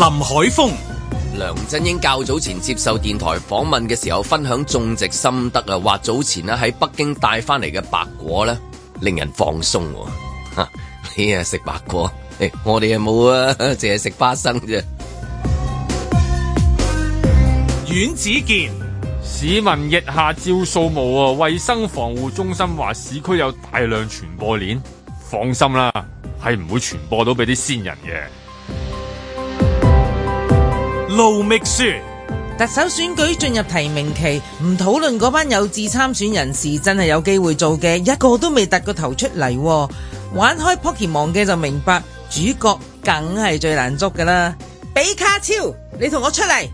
林海峰、梁振英較早前接受電台訪問嘅時候，分享種植心得啊，話早前咧喺北京帶翻嚟嘅白果咧，令人放鬆。吓、啊，你啊食白果，哎、我哋啊冇啊，淨係食花生啫。阮子健，市民疫下照掃墓啊。衛生防護中心話，市區有大量傳播鏈，放心啦，係唔會傳播到俾啲先人嘅。盧覓雪，特首選舉進入提名期，唔討論嗰班有志參選人士，真係有機會做嘅一個都未突個頭出嚟。玩開 Pokémon 嘅就明白，主角梗係最難捉噶啦。比卡超，你同我出嚟，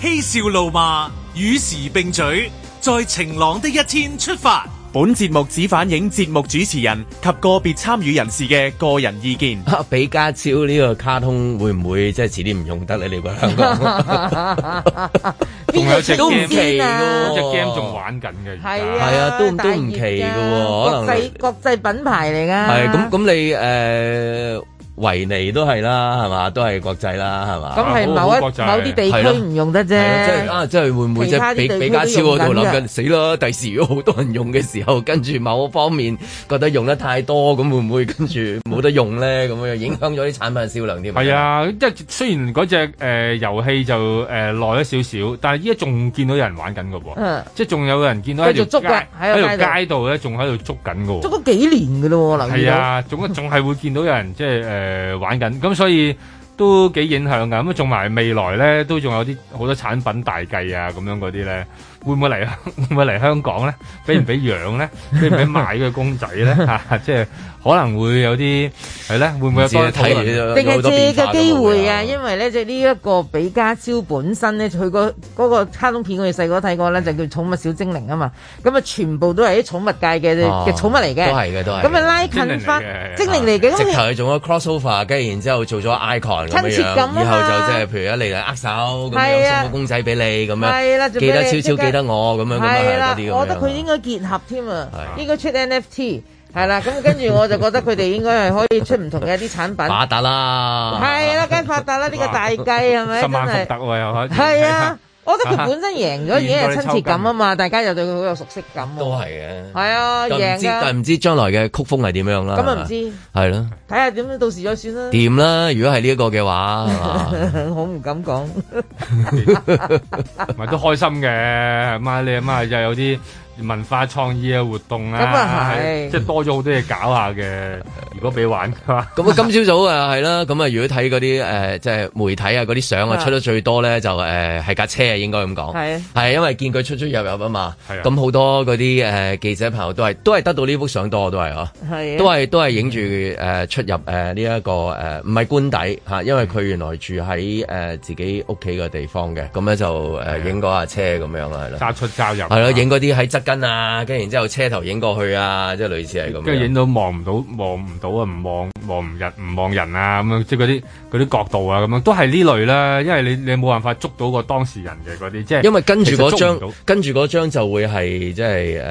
嬉笑怒罵，與時並舉，在晴朗的一天出發。本節目只反映節目主持人及個別參與人士嘅個人意見。比家超呢個卡通會唔會即係遲啲唔用得你哋個香港？邊有隻 game 都唔奇㗎喎，隻 game 仲玩緊嘅而家。係啊，都都唔奇㗎喎。可能國際國際品牌嚟㗎。係咁咁你誒？維尼都係啦，係嘛？都係國際啦，係嘛？咁、啊、係某一某啲地區唔用得啫。即係啊，即、就、係、是、會唔會即係比,比家超嗰度諗緊死啦？第時如果好多人用嘅時候，跟住某方面覺得用得太多，咁會唔會跟住冇得用咧？咁 樣影響咗啲產品銷量啲？係啊，即、嗯、係雖然嗰隻誒遊戲就誒耐咗少少，但係依家仲見到有人玩緊㗎喎。即係仲有人見到喺條街喺條街度咧，仲喺度捉緊㗎喎。捉咗幾年㗎咯，我留意到。係啊，總仲係會見到有人 即係誒。呃誒，玩緊咁，所以都幾影響噶。咁啊，仲埋未來咧，都仲有啲好多產品大計啊，咁樣嗰啲咧。會唔會嚟？會唔會嚟香港咧？俾唔俾養咧？俾唔俾買個公仔咧？嚇，即係可能會有啲係咧，會唔會有多睇嘅？定係借嘅機會啊，因為咧即係呢一個比卡超本身咧，佢個嗰個卡通片我哋細個睇過咧，就叫《寵物小精靈》啊嘛。咁啊，全部都係啲寵物界嘅嘅寵物嚟嘅。都係嘅，都係。咁啊，拉近翻精靈嚟嘅，直頭係做咗 cross over，跟住然之後做咗 icon 咁樣，以後就即係譬如一嚟就握手，咁又送個公仔俾你咁樣，係啦，記得超超記得。我咁樣㗎嘛，我覺得佢應該結合添啊，應該出 NFT，係啦。咁 跟住我就覺得佢哋應該係可以出唔同嘅一啲產品。發達啦，係啦，梗係發達啦，呢個大計係咪？真係十萬發達喎，係啊。我覺得佢本身贏咗已經係親切感啊嘛，大家又對佢好有熟悉感嘛。都係嘅。係啊，贏。但係唔知，唔知將來嘅曲風係點樣啦。咁啊，唔知。係咯。睇下點樣，到時再算啦。掂啦，如果係呢一個嘅話。我 唔敢講。咪 都開心嘅，阿媽你阿媽就有啲。文化創意嘅活動啊，咁啊係，即係多咗好多嘢搞下嘅。如果俾玩咁、嗯嗯 uh, 呃、啊，今朝早啊係啦。咁、呃、啊，如果睇嗰啲即係媒體啊嗰啲相啊出得最多咧，就誒係架車啊應該咁講。係，因為見佢出出入入啊嘛。係、啊。咁、嗯、好、嗯、多嗰啲誒記者朋友都係都係得到呢幅相多都係嗬。係。都係、啊、都係影住誒出入誒呢一個誒唔係官邸嚇因為佢原來住喺誒、呃、自己屋企嘅地方嘅。咁咧就影嗰架車咁樣啦。揸出揸入。係咯，影啲喺側。跟啊，跟然之後車頭影過去啊，即係類似係咁。跟住影到望唔到，望唔到啊，唔望望唔人，唔望人啊，咁樣即係嗰啲嗰啲角度啊，咁樣都係呢類啦。因為你你冇辦法捉到個當事人嘅嗰啲，即係因為跟住嗰張跟住嗰張就會係即係誒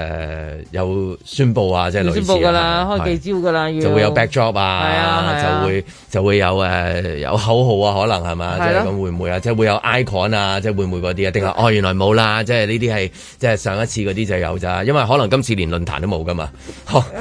有宣佈啊，即係類似㗎喇，開記招㗎喇，就會有 backdrop 啊，啊啊就會就會有誒有口號啊，可能係嘛？即係咁會唔會啊？即係會有 icon 啊？即係會唔會嗰啲啊？定係哦原來冇啦？即係呢啲係即係上一次嗰啲就係。有咋，因為可能今次連論壇都冇噶嘛。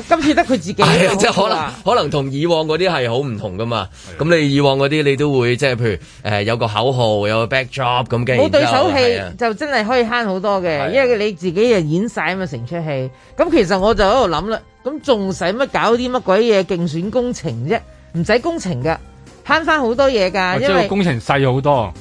今次得佢自己。 即係可能可能同以往嗰啲係好唔同噶嘛。咁你以往嗰啲你都會即係譬如誒有個口號，有個 b a c k j o b 咁嘅。冇對手戲就真係可以慳好多嘅，因為你自己又演晒啊嘛成出戲。咁其實我就喺度諗啦，咁仲使乜搞啲乜鬼嘢競選工程啫？唔使工程噶，慳翻好多嘢㗎，哦，因為即工程細好多。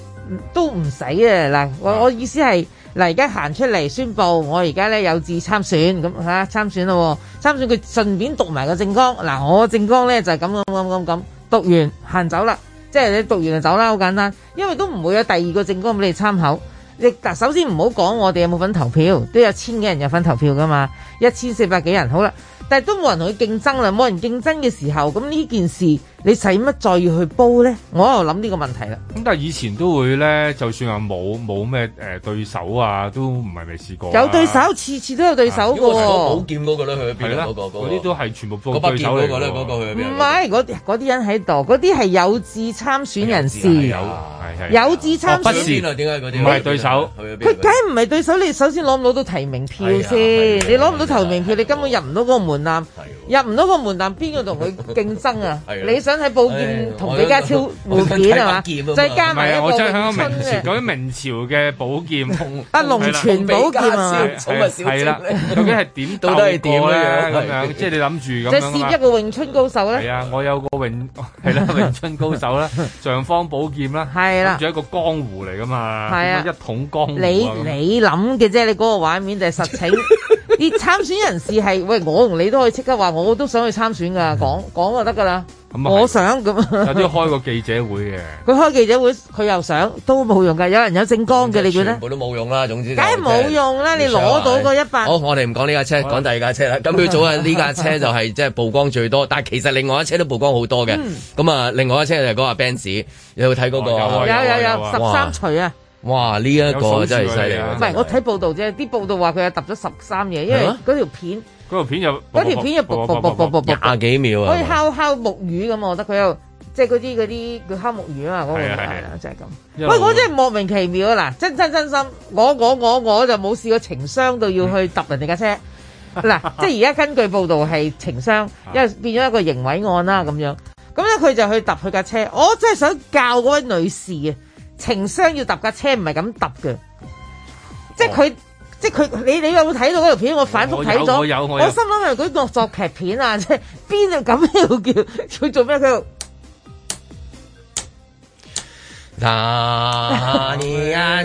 都唔使啊！嗱，我我意思係。嗱，而家行出嚟宣布，我而家咧有志參選，咁吓，參選咯喎，參選佢順便讀埋個政綱。嗱，我政綱咧就係咁咁咁咁讀完行走啦，即係你讀完就走啦，好簡單，因為都唔會有第二個政綱俾你參考。你嗱，首先唔好講我哋有冇份投票，都有千幾人有份投票噶嘛，一千四百幾人好啦，但係都冇人同佢競爭啦，冇人競爭嘅時候，咁呢件事。你使乜再要去煲咧？我又諗呢個問題啦。咁但係以前都會咧，就算話冇冇咩誒對手啊，都唔係未試過、啊。有對手，次次都有對手嘅、啊。如果寶劍嗰個咧，去咗邊嗰個嗰啲、那個那個、都係全部幫、那個、對嗰、那個嗰個,、那個去咗邊？唔係嗰嗰啲人喺度，嗰啲係有志參選人士。有志參選,參選是不是。點解嗰啲？唔係對手。佢梗唔係對手，你首先攞唔攞到提名票先。你攞唔到提名票，啊你,名票啊你,名票啊、你根本入唔到嗰個門檻、啊。入唔到個門檻，邊個同佢競爭啊？你想喺寶劍同李家超會見係嘛？即、就、係、是、加埋一我個朝明朝嗰啲明朝嘅寶劍，啊龍泉寶劍啊，係啦，究竟係點到底係點咧咁樣？即係你諗住咁即係接一個詠春高手咧？係啊，我有個詠係啦，詠春高手啦， 尚方寶劍啦，係 啦，仲一個江湖嚟㗎嘛？係啊，一統江湖、啊。你你諗嘅啫，你嗰個畫面就係實情。 啲 參選人士係喂，我同你都可以即刻話，我都想去參選噶，講、嗯、講就得噶啦。我想咁啊，有啲 開個記者會嘅。佢開記者會，佢又想都冇用噶，有人有正光嘅你估咧？全部都冇用啦，總之梗係冇用啦。你攞到個一百。好，我哋唔講呢架車，講第二架車啦。咁早啊，呢架車就係即係曝光最多，但其實另外一車都曝光好多嘅。咁、嗯、啊，另外一車就係嗰個 Benz，有冇睇嗰個？哦、有有有十三除啊！啊哇！呢、這、一個真係犀利，唔係我睇報道啫。啲報道話佢又揼咗十三嘢，因為嗰條片，嗰條、啊、片又嗰條片又播播播播播廿幾秒啊，可以敲敲木魚咁我覺得佢又即係嗰啲嗰啲叫敲木魚啊嘛，嗰個就係啦，就係、是、咁。喂，我真係莫名其妙啊！嗱，真真真心，我我我我，我就冇試過情商到要去揼 人哋架車。嗱，即係而家根據報道係情商，因為變咗一個刑毀案啦咁樣。咁咧佢就去揼佢架車，我真係想教嗰位女士嘅。情商要搭架車唔係咁搭嘅，即係佢，oh. 即係佢，你你有冇睇到嗰條片？我反覆睇咗，我，我，我，我心諗係佢惡作劇片啊，即係邊度咁又叫，佢做咩佢？那 我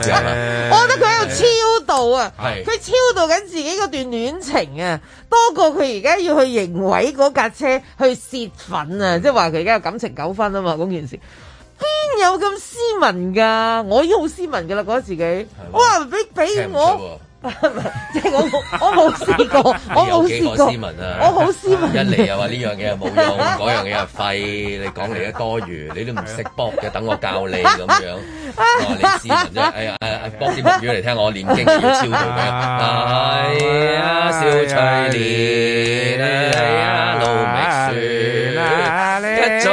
覺得佢喺度黐。到啊！佢超度緊自己嗰段戀情啊，多過佢而家要去刑毀嗰架車去泄憤啊！即係話佢而家有感情糾紛啊嘛，嗰件事邊有咁斯文噶？我已經好斯文噶啦，覺得自己哇！俾俾我。即 係、就是、我冇，我冇試過，我冇試過。我好斯文，、啊、我斯文 一嚟又話呢樣嘢又冇用，嗰 樣嘢又廢。你講嚟多馀，你都唔識卜嘅，等我教你咁樣、哦。你斯文啫、啊，哎呀，卜啲木魚嚟聽我念經，超做咩？係啊，笑翠、哎、鳥，係啊，老尾樹，一早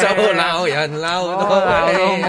就鬧人啦，鬧到你。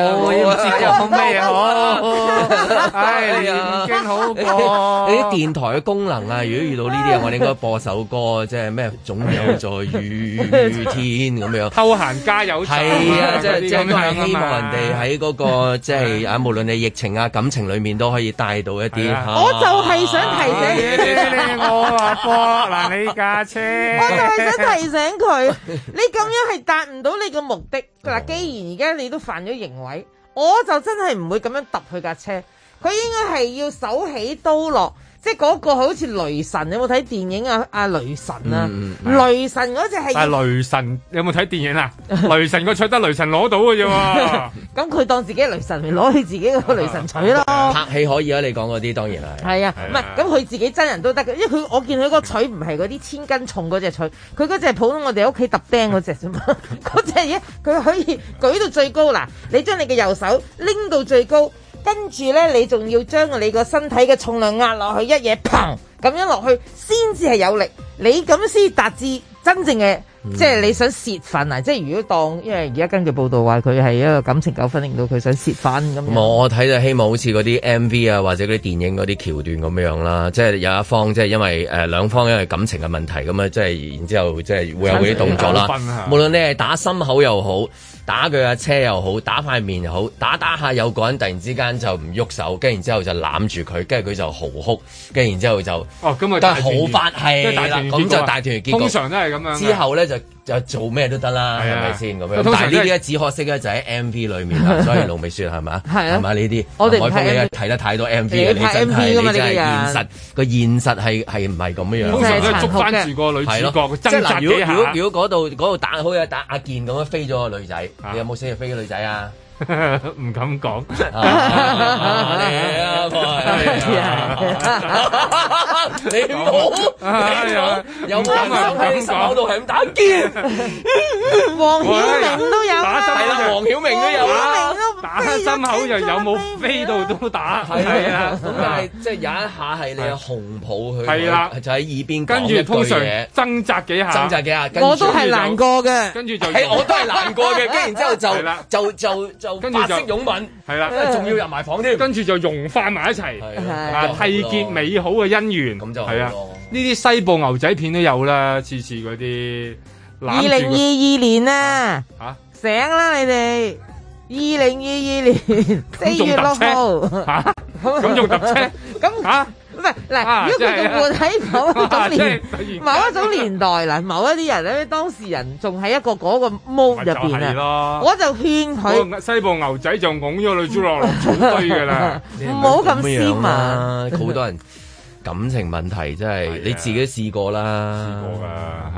我唔知有咩好。 哎啊已經好過。你啲電台嘅功能啊，如果遇到呢啲嘢，我哋應該播首歌，即係咩？總有在雨,、哎、雨天咁樣，偷閒加油。係啊，即係、就是就是、希望人哋喺嗰個即係、就是、啊，無論你疫情啊，感情裏面都可以帶到一啲、啊啊。我就係想提醒、哎、 你我，我嗱，你架車。我就係想提醒佢， 你咁樣係達唔到你嘅目的。嗱、嗯，既然而家你都犯咗刑位。我就真係唔會咁樣揼佢架車，佢應該係要手起刀落。即係嗰個好似雷神，有冇睇電影啊？阿雷神啊，雷神嗰隻係阿雷神，有冇睇電影啊？雷神個、啊、錘、嗯啊、 得雷神攞到㗎啫嘛，咁 佢當自己雷神咪攞起自己個雷神錘咯。啊、拍戲可以啊，你講嗰啲當然係。係啊，唔係咁佢自己真人都得嘅，因為我見佢個錘唔係嗰啲千斤重嗰隻錘，佢嗰隻係普通我哋屋企揼釘嗰隻啫嘛，嗰隻嘢佢可以舉到最高啦，你將你嘅右手拎到最高。跟住呢，你仲要將你個身體嘅重量壓落去一嘢砰咁樣落去，先至係有力。你咁先達至真正嘅、嗯，即係你想泄憤啊！即係如果當因為而家根據報道話佢係一個感情糾紛，令到佢想泄憤咁樣。我睇就希望好似嗰啲 M V 啊，或者嗰啲電影嗰啲橋段咁樣啦，即係有一方即係因為誒兩方因為感情嘅問題咁啊，即係然之後即係會有嗰啲動作啦。無論你係打心口又好。打佢架車又好，打塊面又好，打打下有個人突然之間就唔喐手，跟住然之後就攬住佢，跟住佢就嚎哭，跟住然之後就哦咁啊，但係好快係咁就大團圓結局，啊，通常都係咁樣。之後咧就。就做咩都得啦，係咪先咁？但係呢啲咧，只可惜咧就喺 MV 裏面啦。所以盧美雪係咪？係咪、啊？呢啲、啊？我哋睇得太多 MV，欸、你真係現實個現實係係唔係咁樣？通常都係捉關注個女主角，即係表如果嗰度嗰度打，好似打阿健咁樣飛咗個女仔、啊。你有冇死飛女仔啊？唔 說音 realidade 敢講，係啊，你啊，你冇，你冇？又冇？啊？手度係咁打結，黃曉明都有、啊、明都 realidad 打，打，係啦，黃曉明都有打心口又有冇飛到都打？係啊，咁但係即係有一下係你紅抱佢，係啦 ediyorum、啊，就喺耳邊講一句嘢，掙扎幾下，掙扎說幾下 Fleet，我都係難過嘅，跟住就我都係難過嘅，跟然之後就就就。就法式擁吻係啦，仲要入埋房添、啊，跟住就融化埋一齊、啊啊嗯，啊，締、嗯、結美好嘅姻緣，係、嗯嗯、啊，呢、嗯、啲西部牛仔片都有啦，次次嗰啲。二零二二年啊，啊啊醒啦你哋，二零二二年四月六號。嚇，咁仲搭車？嚇、啊。 唔係，嗱，如果佢仲活喺某一種年，某一種年代嗱，某一啲人咧，當事人仲喺一個嗰個 mode 入邊啊，我就勸佢，西部牛仔就拱咗女主落嚟，好衰噶啦，唔好咁斯文，好多人。感情問題真係、啊、你自己試過啦，試過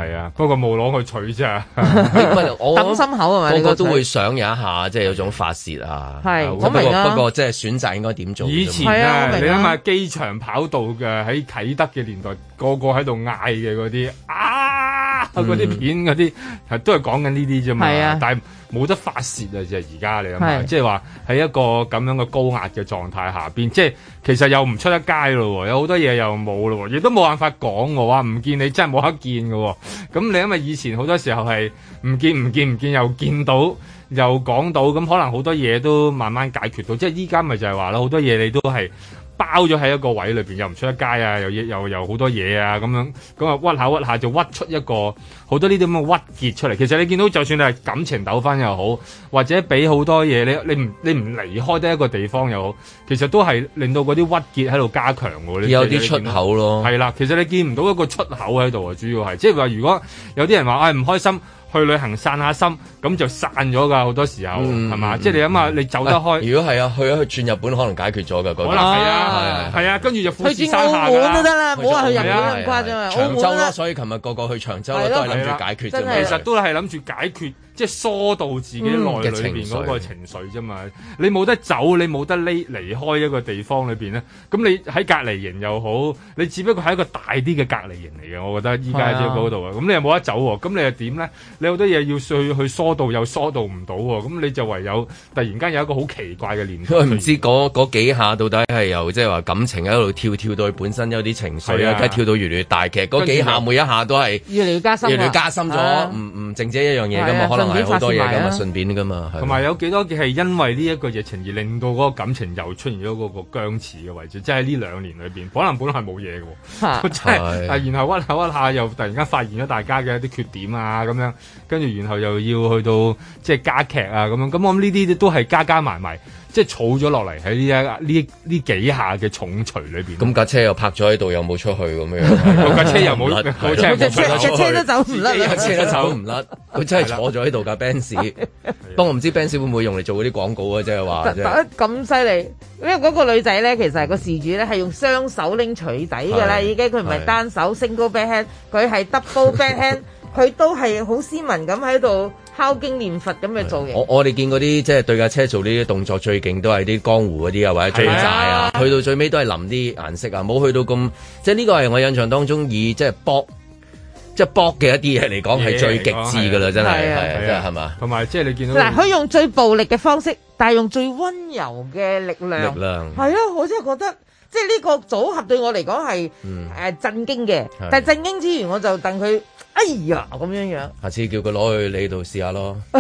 㗎，係啊，不過冇攞去取啫。 我等心口係咪？ 個個都會想有一下，即、就、係、是、有種發泄啊。係，咁、啊啊、不過不過即係、就是、選擇應該點做？以前啊，啊你諗下機場跑道嘅喺啟德嘅年代，個個喺度嗌嘅嗰啲佢嗰啲片嗰啲、嗯、都係講緊呢啲啫嘛，但係冇得發泄啊！就而家你，啊，即係話喺一個咁樣嘅高壓嘅狀態下邊，即係其實又唔出得街咯喎，有好多嘢又冇咯喎，亦都冇辦法講嘅話，唔見你真係冇得見㗎喎。咁你因為以前好多時候係唔見唔見唔見，又見到又講到，咁可能好多嘢都慢慢解決到。即係依家咪就係話啦好多嘢你都係。包咗喺一個位裏邊，又唔出得街啊，又又又好多嘢啊，咁樣咁啊，屈下屈下就屈出一個好多呢啲咁嘅屈結出嚟。其實你見到就算你係感情抖返又好，或者俾好多嘢你你唔你唔離開得一個地方又好，其實都係令到嗰啲屈結喺度加強。有啲出口咯，係、嗯、啦。其實你見唔到一個出口喺度啊，主要係即係話如果有啲人話唉唔開心。去旅行散下心，咁就散咗噶，好多時候係嘛、嗯？即係你諗下，你走得開、哎。如果係啊，去啊去轉日本可能解決咗噶嗰邊啊，係啊，啊，啊，啊，啊，跟住就富士山下日本都得啦，唔好話去日本咁誇張啊！長、啊啊啊啊、洲啦、啊、所以琴日個個去長洲都係諗住解決。其實都係諗住解決。即係疏導自己內裏面嗰個、嗯、情緒啫嘛，你冇得走，你冇得離離開一個地方裏面咧，咁你喺隔離營又好，你只不過係一個大啲嘅隔離營嚟嘅，我覺得依家喺嗰度啊，咁、嗯、你又冇得走，咁你又點咧？你好多嘢要去疏導又疏導唔到喎，咁你就唯有突然間有一個好奇怪嘅念頭，唔知嗰嗰幾下到底係由即係話感情喺度跳跳到佢本身有啲情緒啊，梗跳到越嚟越大劇，嗰幾下每一下都係越嚟越加深，越嚟越加深咗，唔唔淨止一樣嘢噶嘛，可能。幾多都係噶，順便噶嘛，同埋有幾多嘅係因為呢一個疫情而令到嗰個感情又出現咗嗰個僵持嘅位置，即係呢兩年裏邊，可能本來係冇嘢嘅，即 係啊，然後屈下屈下又突然間發現咗大家嘅一啲缺點啊咁樣，跟住然後又要去到即係加劇啊咁樣，咁我諗呢啲都係加加埋埋。即係儲咗落嚟喺呢一呢呢幾下嘅重錘裏面，咁架車又泊咗喺度，又有冇出去咁樣？架 車又冇沒，即 架車都走唔甩架車都走唔甩，佢 真係坐咗喺度㗎 Benz。 不過我唔知 Benz 會唔會用嚟做嗰啲廣告啊？即係話咁犀利。因為嗰個女仔咧，其實係個事主咧，係用雙手拎錘底㗎啦，已經佢唔係單手 single backhand，佢係 double backhand。 佢都係好斯文咁喺度敲經念佛咁嘅做嘅。我我哋見嗰啲即係對架車做呢啲動作最勁都係啲江湖嗰啲啊，或者追債啊，啊，去到最尾都係淋啲顏色啊，冇去到咁。即係呢個係我印象當中以即係搏，即係搏嘅一啲嘢嚟講係最極致噶啦、啊啊，真係係咪？嘛、啊。同埋即係你見到嗱，佢用最暴力嘅方式，但係用最溫柔嘅力量。力量係啊，我真係覺得。即係呢個組合對我嚟講係震驚嘅、嗯，但係震驚之餘我就等佢，哎呀咁樣樣，下次叫佢攞去你度試下咯。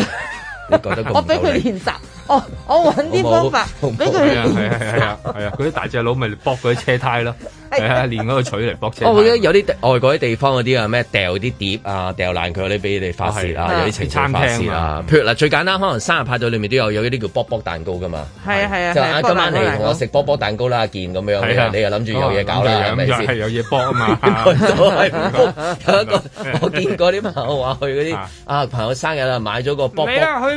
你覺得我俾佢練習，哦，我揾啲方法俾佢。係 啊係啊係啲、啊啊啊啊、大隻佬咪搏佢啲車胎咯。係啊，練嗰個取嚟搏車。哦、 啊，我記得有啲外國啲地方嗰啲啊，咩掉啲碟啊，掉爛佢嗰啲俾你發泄啊，有啲情緒發泄啊。譬如嗱，最簡單可能生日派對裏面都有有啲叫卜卜蛋糕噶嘛。係啊係啊。就啱今晚你同我食卜卜蛋糕啦，阿健咁樣你又諗住有嘢搞啦，係咪先？有嘢卜啊嘛。有個我見過啲朋友話去嗰啲啊朋友生日啊買咗個卜卜。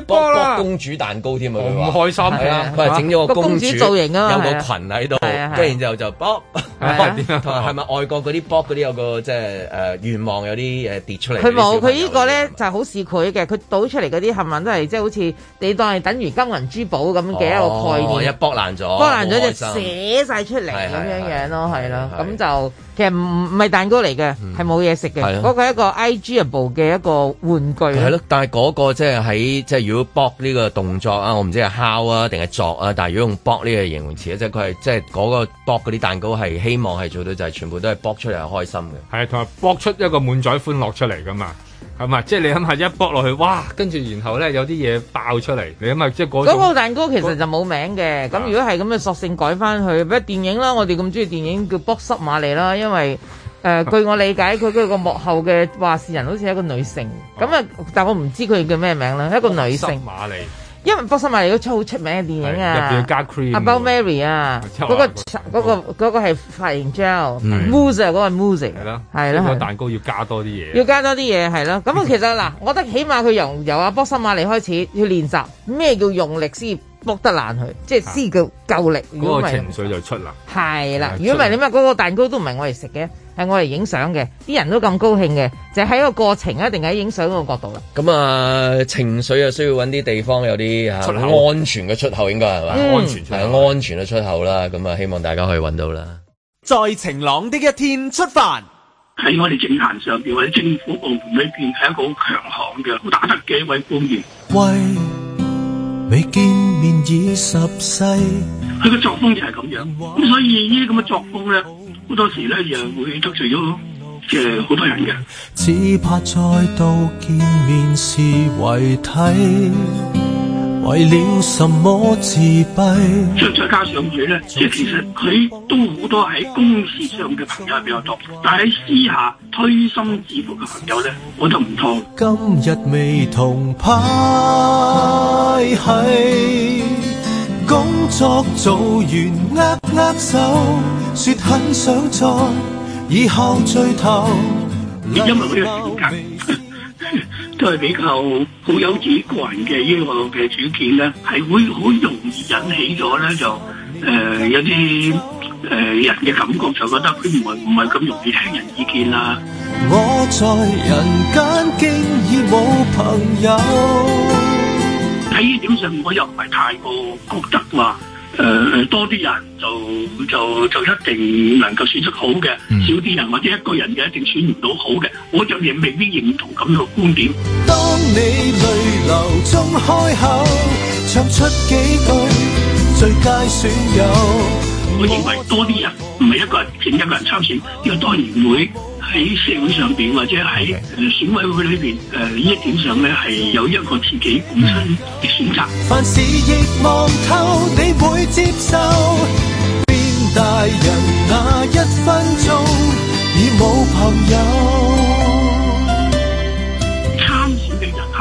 剝公主蛋糕添啊！唔開心係啦，唔係整咗個公主，公主造型有 是是啊 是是個打的打的有個裙喺度，跟住然之後就剝，係、呃、咪？咪外國嗰啲剝嗰啲有個即係誒願望有啲誒跌出嚟？佢冇，佢呢個咧就係好似佢嘅，佢倒出嚟嗰啲冚唪唥都係即係好似你當係等於金銀珠寶咁嘅一個概念。哦，一剝爛咗，剝爛咗就寫晒出嚟咁樣樣咯，係啦，咁就。其實唔唔係蛋糕嚟嘅，係冇嘢食嘅。嗰個係一個 Igible 嘅一個玩具。係咯，但係嗰個即係喺即係如果博呢個動作啊，我唔知係烤啊定係作啊。但係如果用博呢個形容詞咧，即係佢係即係嗰個博嗰啲蛋糕係希望係做到就係、係、全部都係博出嚟係開心嘅。係啊，同埋博出一個滿載歡樂出嚟噶嘛。係咪？即係你諗下一剝落去，哇！跟住然後咧有啲嘢爆出嚟，你諗下即係嗰。嗰個蛋糕其實就冇名嘅。咁、嗰個、如果係咁嘅索性改翻去，不如電影啦！我哋咁中意電影叫《波什馬利》啦，因為誒、呃、據我理解佢佢個幕後嘅話事人好似係一個女性。咁啊，但我唔知佢叫咩名啦，一個女性。因為波森瑪尼嗰出好出名嘅電影啊，入面有加 cream，About Mary 啊，嗰、啊那個嗰、那個嗰個係髮型 gel，mousse 嗰個 mousse 係啦，係啦，個蛋糕要加多啲嘢，要加多啲嘢係啦。咁啊， 其實嗱，我覺得起碼佢由由阿波森瑪尼開始要練習咩叫用力先剝得爛佢，即係先叫夠力。嗰個情緒就出啦，係啦。如果唔係你咪嗰個蛋糕都唔係我嚟食嘅。係我嚟影相嘅，啲人都咁高興嘅，就喺一個過程一定喺影相嗰個角度啦。咁、呃、啊，情緒啊，需要搵啲地方有啲安全嘅出口，出口應該係嘛？安全出口，安全嘅出口啦。咁啊，希望大家可以搵到啦。在晴朗的一天出發，喺我哋政壇上面或者政府部門裏面，係一個好強悍嘅，好打得嘅一位官員。喂，未見面已十世，佢個作風就係咁樣。咁所以呢啲咁嘅作風咧。好多時咧又會得罪咗好多人嘅，只怕再度見面是遺體。為了什麼自閉？即再加上佢咧，即其實佢都好多喺公司上嘅朋友係比較多，但係喺私下推心置腹嘅朋友咧，我就唔錯。今日未同派系。工作做完握握手，說很想再以後最後因為佢嘅性格都係比較好有自己個人嘅呢個嘅主見咧，係會好容易引起咗咧就誒、呃、有啲誒、呃、人嘅感覺，就覺得佢原來唔係咁容易聽人意見啦。我在人間，竟已冇朋友。喺呢點上我又唔係太過覺得話、呃、多啲人就，就，就一定能夠選出好嘅，少啲人或者一個人就一定選唔到好嘅，我就亦未必認同咁樣嘅觀點。當你淚流中開口唱出幾句最佳損友我認為多啲人唔係一個人淨係，一個人參選，呢個當然會喺社會上邊或者喺選委會裏邊誒呢一點上咧係有一個自己本身嘅選擇。凡事亦望透，你會接受變大人那一分鐘已冇朋友。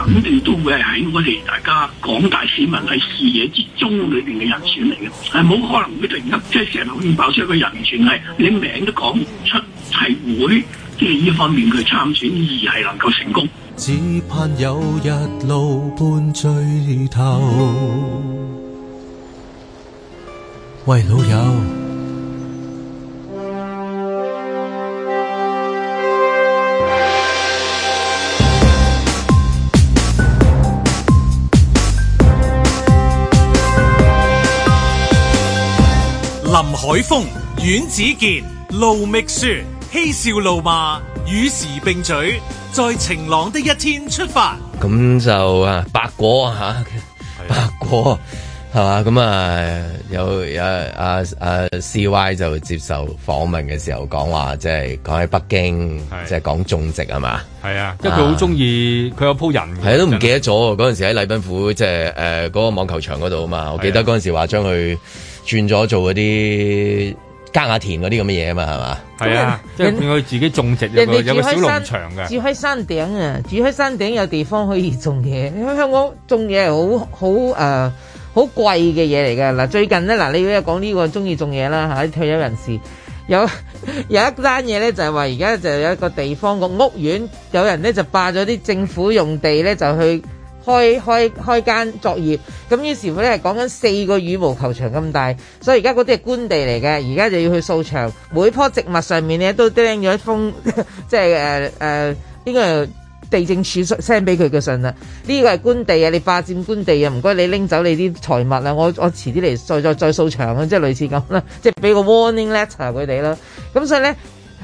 佢哋都會係喺我哋大家廣大市民喺視野之中裏面嘅人選嚟嘅，係冇可能會突然間即係成日爆出一個人選係你名都講唔出係會，即係呢方面佢參選而係能夠成功。只盼有日路半醉頭，喂老友。林海峰、阮子健、盧覓雪，嬉笑怒罵，與時並舉，在晴朗的一天出發。咁就啊，白果吓、啊，白果係嘛？咁啊，有有啊，啊，啊，啊，啊 C Y 就接受訪問嘅時候講話，即係講喺北京，即係講種植係嘛？係啊，因為佢好中意，佢、啊、有鋪人。係啊，都唔記得咗嗰陣時喺禮賓府，即係誒嗰個網球場嗰度啊嘛。我記得嗰陣時話將佢。轉咗做嗰啲耕下田嗰啲咁嘅嘢啊嘛，係嘛？係啊，即係佢自己種植。人哋住喺農場嘅，住喺山頂啊，住喺山頂有地方可以種嘢。你喺香港種嘢好好誒，好貴嘅嘢嚟㗎。嗱、呃，最近咧嗱，你一講呢個鍾意種嘢啦，吓退休人士有有一單嘢咧，就係話而家就有一個地方個 屋苑，有人咧就霸咗啲政府用地咧，就去。開開開間作業，咁於是乎咧係講緊四個羽毛球場咁大，所以而家嗰啲係官地嚟嘅。而家就要去掃場，每棵植物上面咧都拎咗一封，即係誒誒呢個地政署 send 俾佢嘅信啦。呢個係官地啊，你霸佔官地啊，唔該你拎走你啲財物啦。我我遲啲嚟再再再掃場啊，即係類似咁啦，即係俾個 warning letter 佢哋啦。咁所以咧。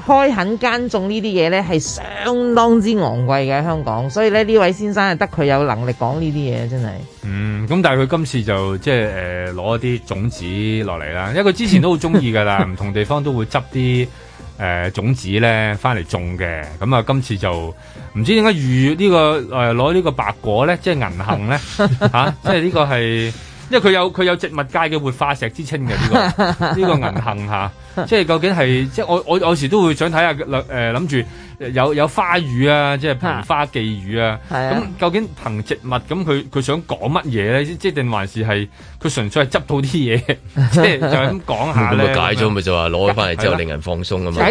開墾耕種東西呢啲嘢咧，係相當之昂貴嘅香港，所以咧呢位先生係得佢有能力講呢啲嘢，真係。嗯，咁但係佢今次就即係誒攞一啲種子落嚟啦，因為佢之前都好中意噶啦，唔 同地方都會執啲誒種子咧翻嚟種嘅，咁、嗯、啊今次就唔知點解遇呢、這個誒攞呢個白果咧，即係銀杏咧吓，即係呢個係。因為佢有佢有植物界嘅活化石之稱嘅呢個呢 個銀杏吓，即係究竟係即係我我有時都會想睇下諗誒諗住有有花語啊，即係譬如花寄語啊。咁 究竟，憑植物咁佢佢想講乜嘢咧？即係定還是係佢純粹係執到啲嘢，即 係 就咁講下咁咪、嗯、解咗咪、嗯、就話攞咗翻嚟之後令人放鬆啊嘛。我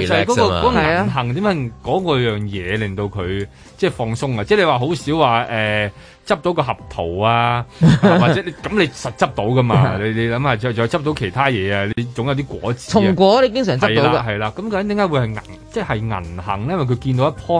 意思就係嗰、那個嗰個銀杏點解嗰個樣嘢令到佢即係放鬆啊？即係你話好少話誒。呃執到個合桃啊， 或者你咁你實執到噶嘛？ 你你諗下，再再執到其他嘢啊！你總有啲果子，啊。松果你經常執到㗎。係啦，對啦。咁究竟點解會係銀，即係銀杏咧？因為佢見到一棵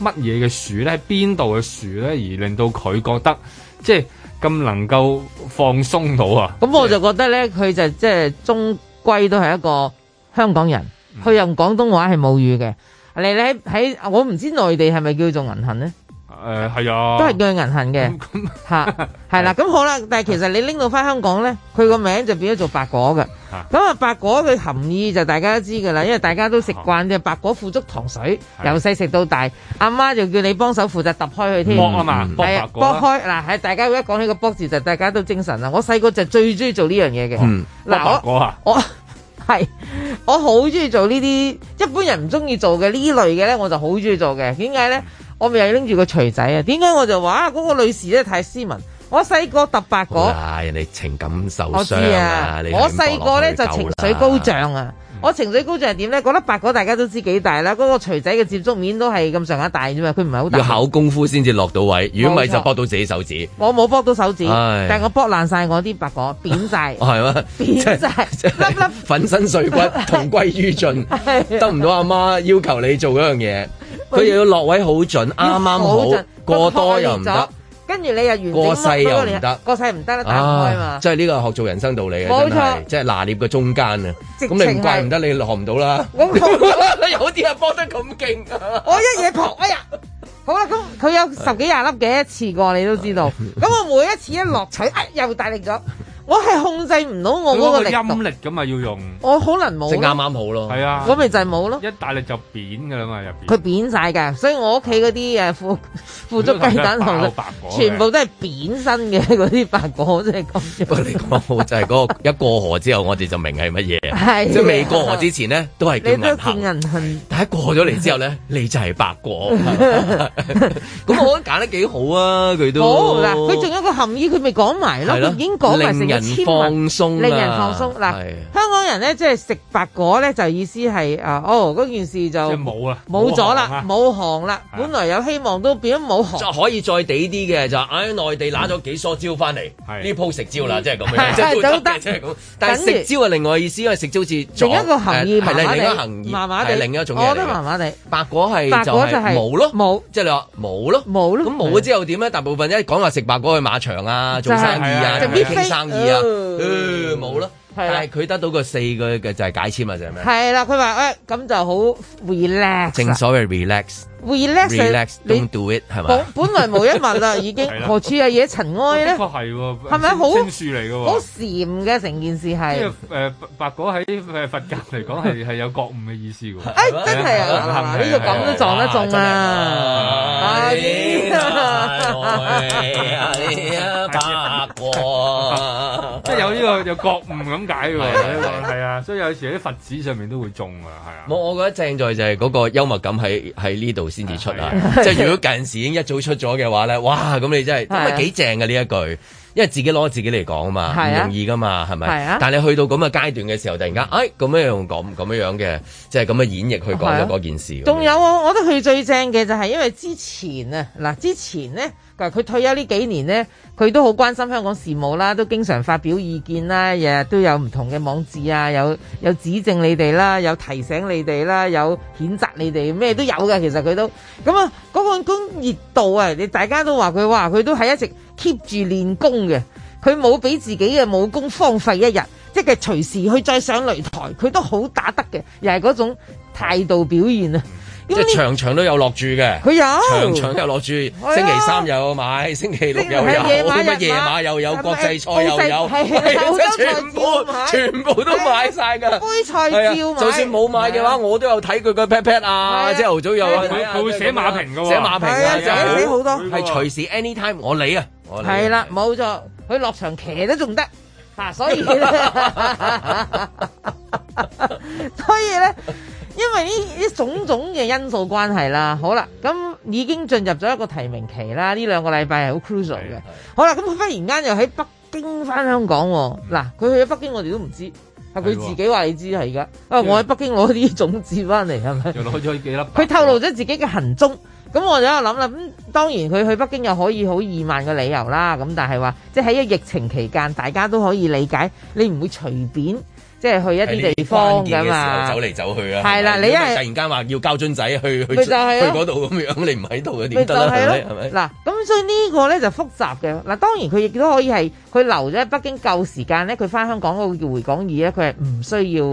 乜嘢嘅樹咧，喺邊度嘅樹咧，而令到佢覺得即係咁能夠放鬆到啊！咁我就覺得咧，佢就即係終歸都係一個香港人，佢、嗯、用廣東話係母語嘅。你你喺我唔知內地係咪叫做銀杏咧？誒、嗯，係、嗯嗯、啊，都係叫銀杏嘅，吓係啦，咁好啦。但係其實你拎到翻香港咧，佢個名就變咗做白果嘅。咁啊，白果嘅含義就大家都知噶啦，因為大家都食慣嘅白果腐竹糖水，由細食到大，阿媽就叫你幫手負責揼開佢添。剝啊嘛，係、嗯、剝、啊啊、開嗱，大家一講起個剝字，就大家都精神啦。我細個就最中意做呢樣嘢嘅，嗱、嗯啊，我我係我好中意做呢啲一般人唔中意做嘅呢類嘅咧，我就好中意做嘅。點解咧？嗯我咪又拎住個錘仔啊。點解？我就話嗰個女士咧，太斯文。我細個揼白果，人哋情感受傷啊。我細個咧就情緒高漲啊、嗯！我情緒高漲係點咧？覺得白果大家都知幾大啦，嗰個錘仔嘅接觸面都係咁上下大啫嘛，佢唔係好大。要考功夫先至落到位，如果唔係就剝到自己手指。我冇剝到手指，但係我剝爛晒我啲白果，扁晒。係咩？扁晒，粒粒粉身碎骨， 同歸於盡， 得唔到阿媽要求你做嗰樣嘢。佢又要落位好準，啱、嗯、啱好，過多又唔得，跟住你又完過細又唔得過細唔得，打唔開嘛。即係呢個學做人生道理嘅，真係，即係拿捏個中間啊。咁你唔怪唔得，你學唔到啦。 咁有啲人幫得咁勁，我一嘢扑 哎呀！好啦，咁佢有十幾廿粒嘅，一次過你都知道。咁 我每一次一落取、哎，又大力咗。我係控制唔到我嗰、那個音力咁啊！要用我可能冇啱啱好咯，係啊！我咪就係冇咯，一大力就扁噶啦嘛入邊。佢扁晒㗎，所以我屋企嗰啲誒腐腐竹雞蛋全部都係扁身嘅嗰啲白果，即係咁。我哋講就係嗰、那個一過河之後，我哋就明係乜嘢。係即係未過河之前咧，都係叫銀行。見人恨但係過咗嚟之後咧， 你就係白果。咁 是吧 我覺得揀得幾好啊！佢都好嗱，佢仲有，有一個含意，佢未講埋咯，啊、已經講埋成放鬆，令人放鬆嗱、啊啊。香港人咧，即係食白果咧，就意思係啊，哦，嗰件事就冇啦，冇咗啦，冇行啦、啊啊啊啊。本來有希望都變咗冇行、啊。就可以再地啲嘅、嗯、就是，唉、嗯，喺內地攞咗幾梳蕉翻嚟，呢鋪食蕉啦，即係咁樣。係，就得即係咁。但係食蕉係另外意思，因為食蕉好似另一個含義，麻麻地，係另，另一種嘢。我覺得麻麻地。白果係白果就係冇咯，冇，即係你話冇咯，冇咯。咁冇咗之後點咧？大部分一講話食白果去馬場啊，做生意啊，生意。冇、嗯、咯、嗯，但係佢得到個四個嘅就係解簽啊，就係、是、咩？係啦，佢話誒咁就好 relax，正所謂 relax。relax，relax Don't do it, 你本本來無一物啦，已經 何處有野塵埃咧？係 咪好樖樹嚟嘅好禪嘅成件事係、呃。白果喺佛教嚟講係係有覺悟嘅意思喎、哎。哎，真係啊！嗱、哎、嗱，呢、啊啊啊啊這個咁都撞得中啊！白果即係有呢個有覺悟咁解喎。啊，所以有時喺佛寺上面都會種啊，啊。冇、啊，我、 啊啊 這個，覺得正在就係嗰個幽默感喺喺呢度。 先至出啊！即係如果近時已經一早出咗嘅話咧，哇！咁你真係真係幾正嘅呢一句，因為自己攞自己嚟講啊嘛，唔容易噶嘛，係咪？係啊。但係你去到咁嘅階段嘅時候，突然間，哎，咁樣、就是、樣，咁咁樣樣嘅，即係咁嘅演繹去講咗嗰件事。仲、啊、有我，我覺得佢最正嘅就係因為之前啊，嗱之前咧。佢退休呢幾年呢，佢都好關心香港事務啦，都經常發表意見啦，日日都有唔同嘅網誌啊，有有指正你哋啦，有提醒你哋啦，有譴責你哋咩都有嘅。其實佢都咁啊，嗰個功熱度啊，你大家都話佢話佢都係一直 keep 住練功嘅，佢冇俾自己嘅武功荒廢一日，即係隨時去再上擂台，佢都好打得嘅，又係嗰種態度表現啊！即係場場都有落注嘅，佢有場場都有落注，星期三又有買，星期六又有，我乜夜晚又有，有是是國際賽又有，係好多全部全部都買晒㗎！杯賽照，啊、就算冇買嘅話，啊、我都有睇佢嘅 pat pat 啊，朝頭早有是啊，佢、啊啊、會寫馬評㗎喎，寫馬評啊，寫好多，係隨時 anytime 我理啊，係啦冇錯，佢落場騎都仲得 所以呢 所以咧。因為呢呢種種嘅因素關係啦，好啦，咁已經進入咗一個提名期啦，呢兩個禮拜係好 crucial 嘅。好啦，咁佢忽然間又喺北京翻香港，嗱、嗯，佢去咗北京我哋都唔知，係佢自己話你知係噶。啊，我喺北京攞啲種子翻嚟，係咪？又攞咗幾粒？佢透露咗自己嘅行蹤，咁我就喺度諗啦。咁當然佢去北京又可以好易揾嘅理由啦。咁但係話，即係喺一個疫情期間，大家都可以理解，你唔會隨便。即係去一啲地方咁啊！走嚟走去啊！係啦，你因為突然間話要交樽仔去、就是、去去嗰度咁樣，就是啊、你唔喺度點得啦，係咪、啊？嗱、就是啊，咁所以個呢個咧就是、複雜嘅。嗱、就是，當然佢亦都可以係佢留咗喺北京夠時間咧，佢翻香港個個叫回港易咧，佢係唔需要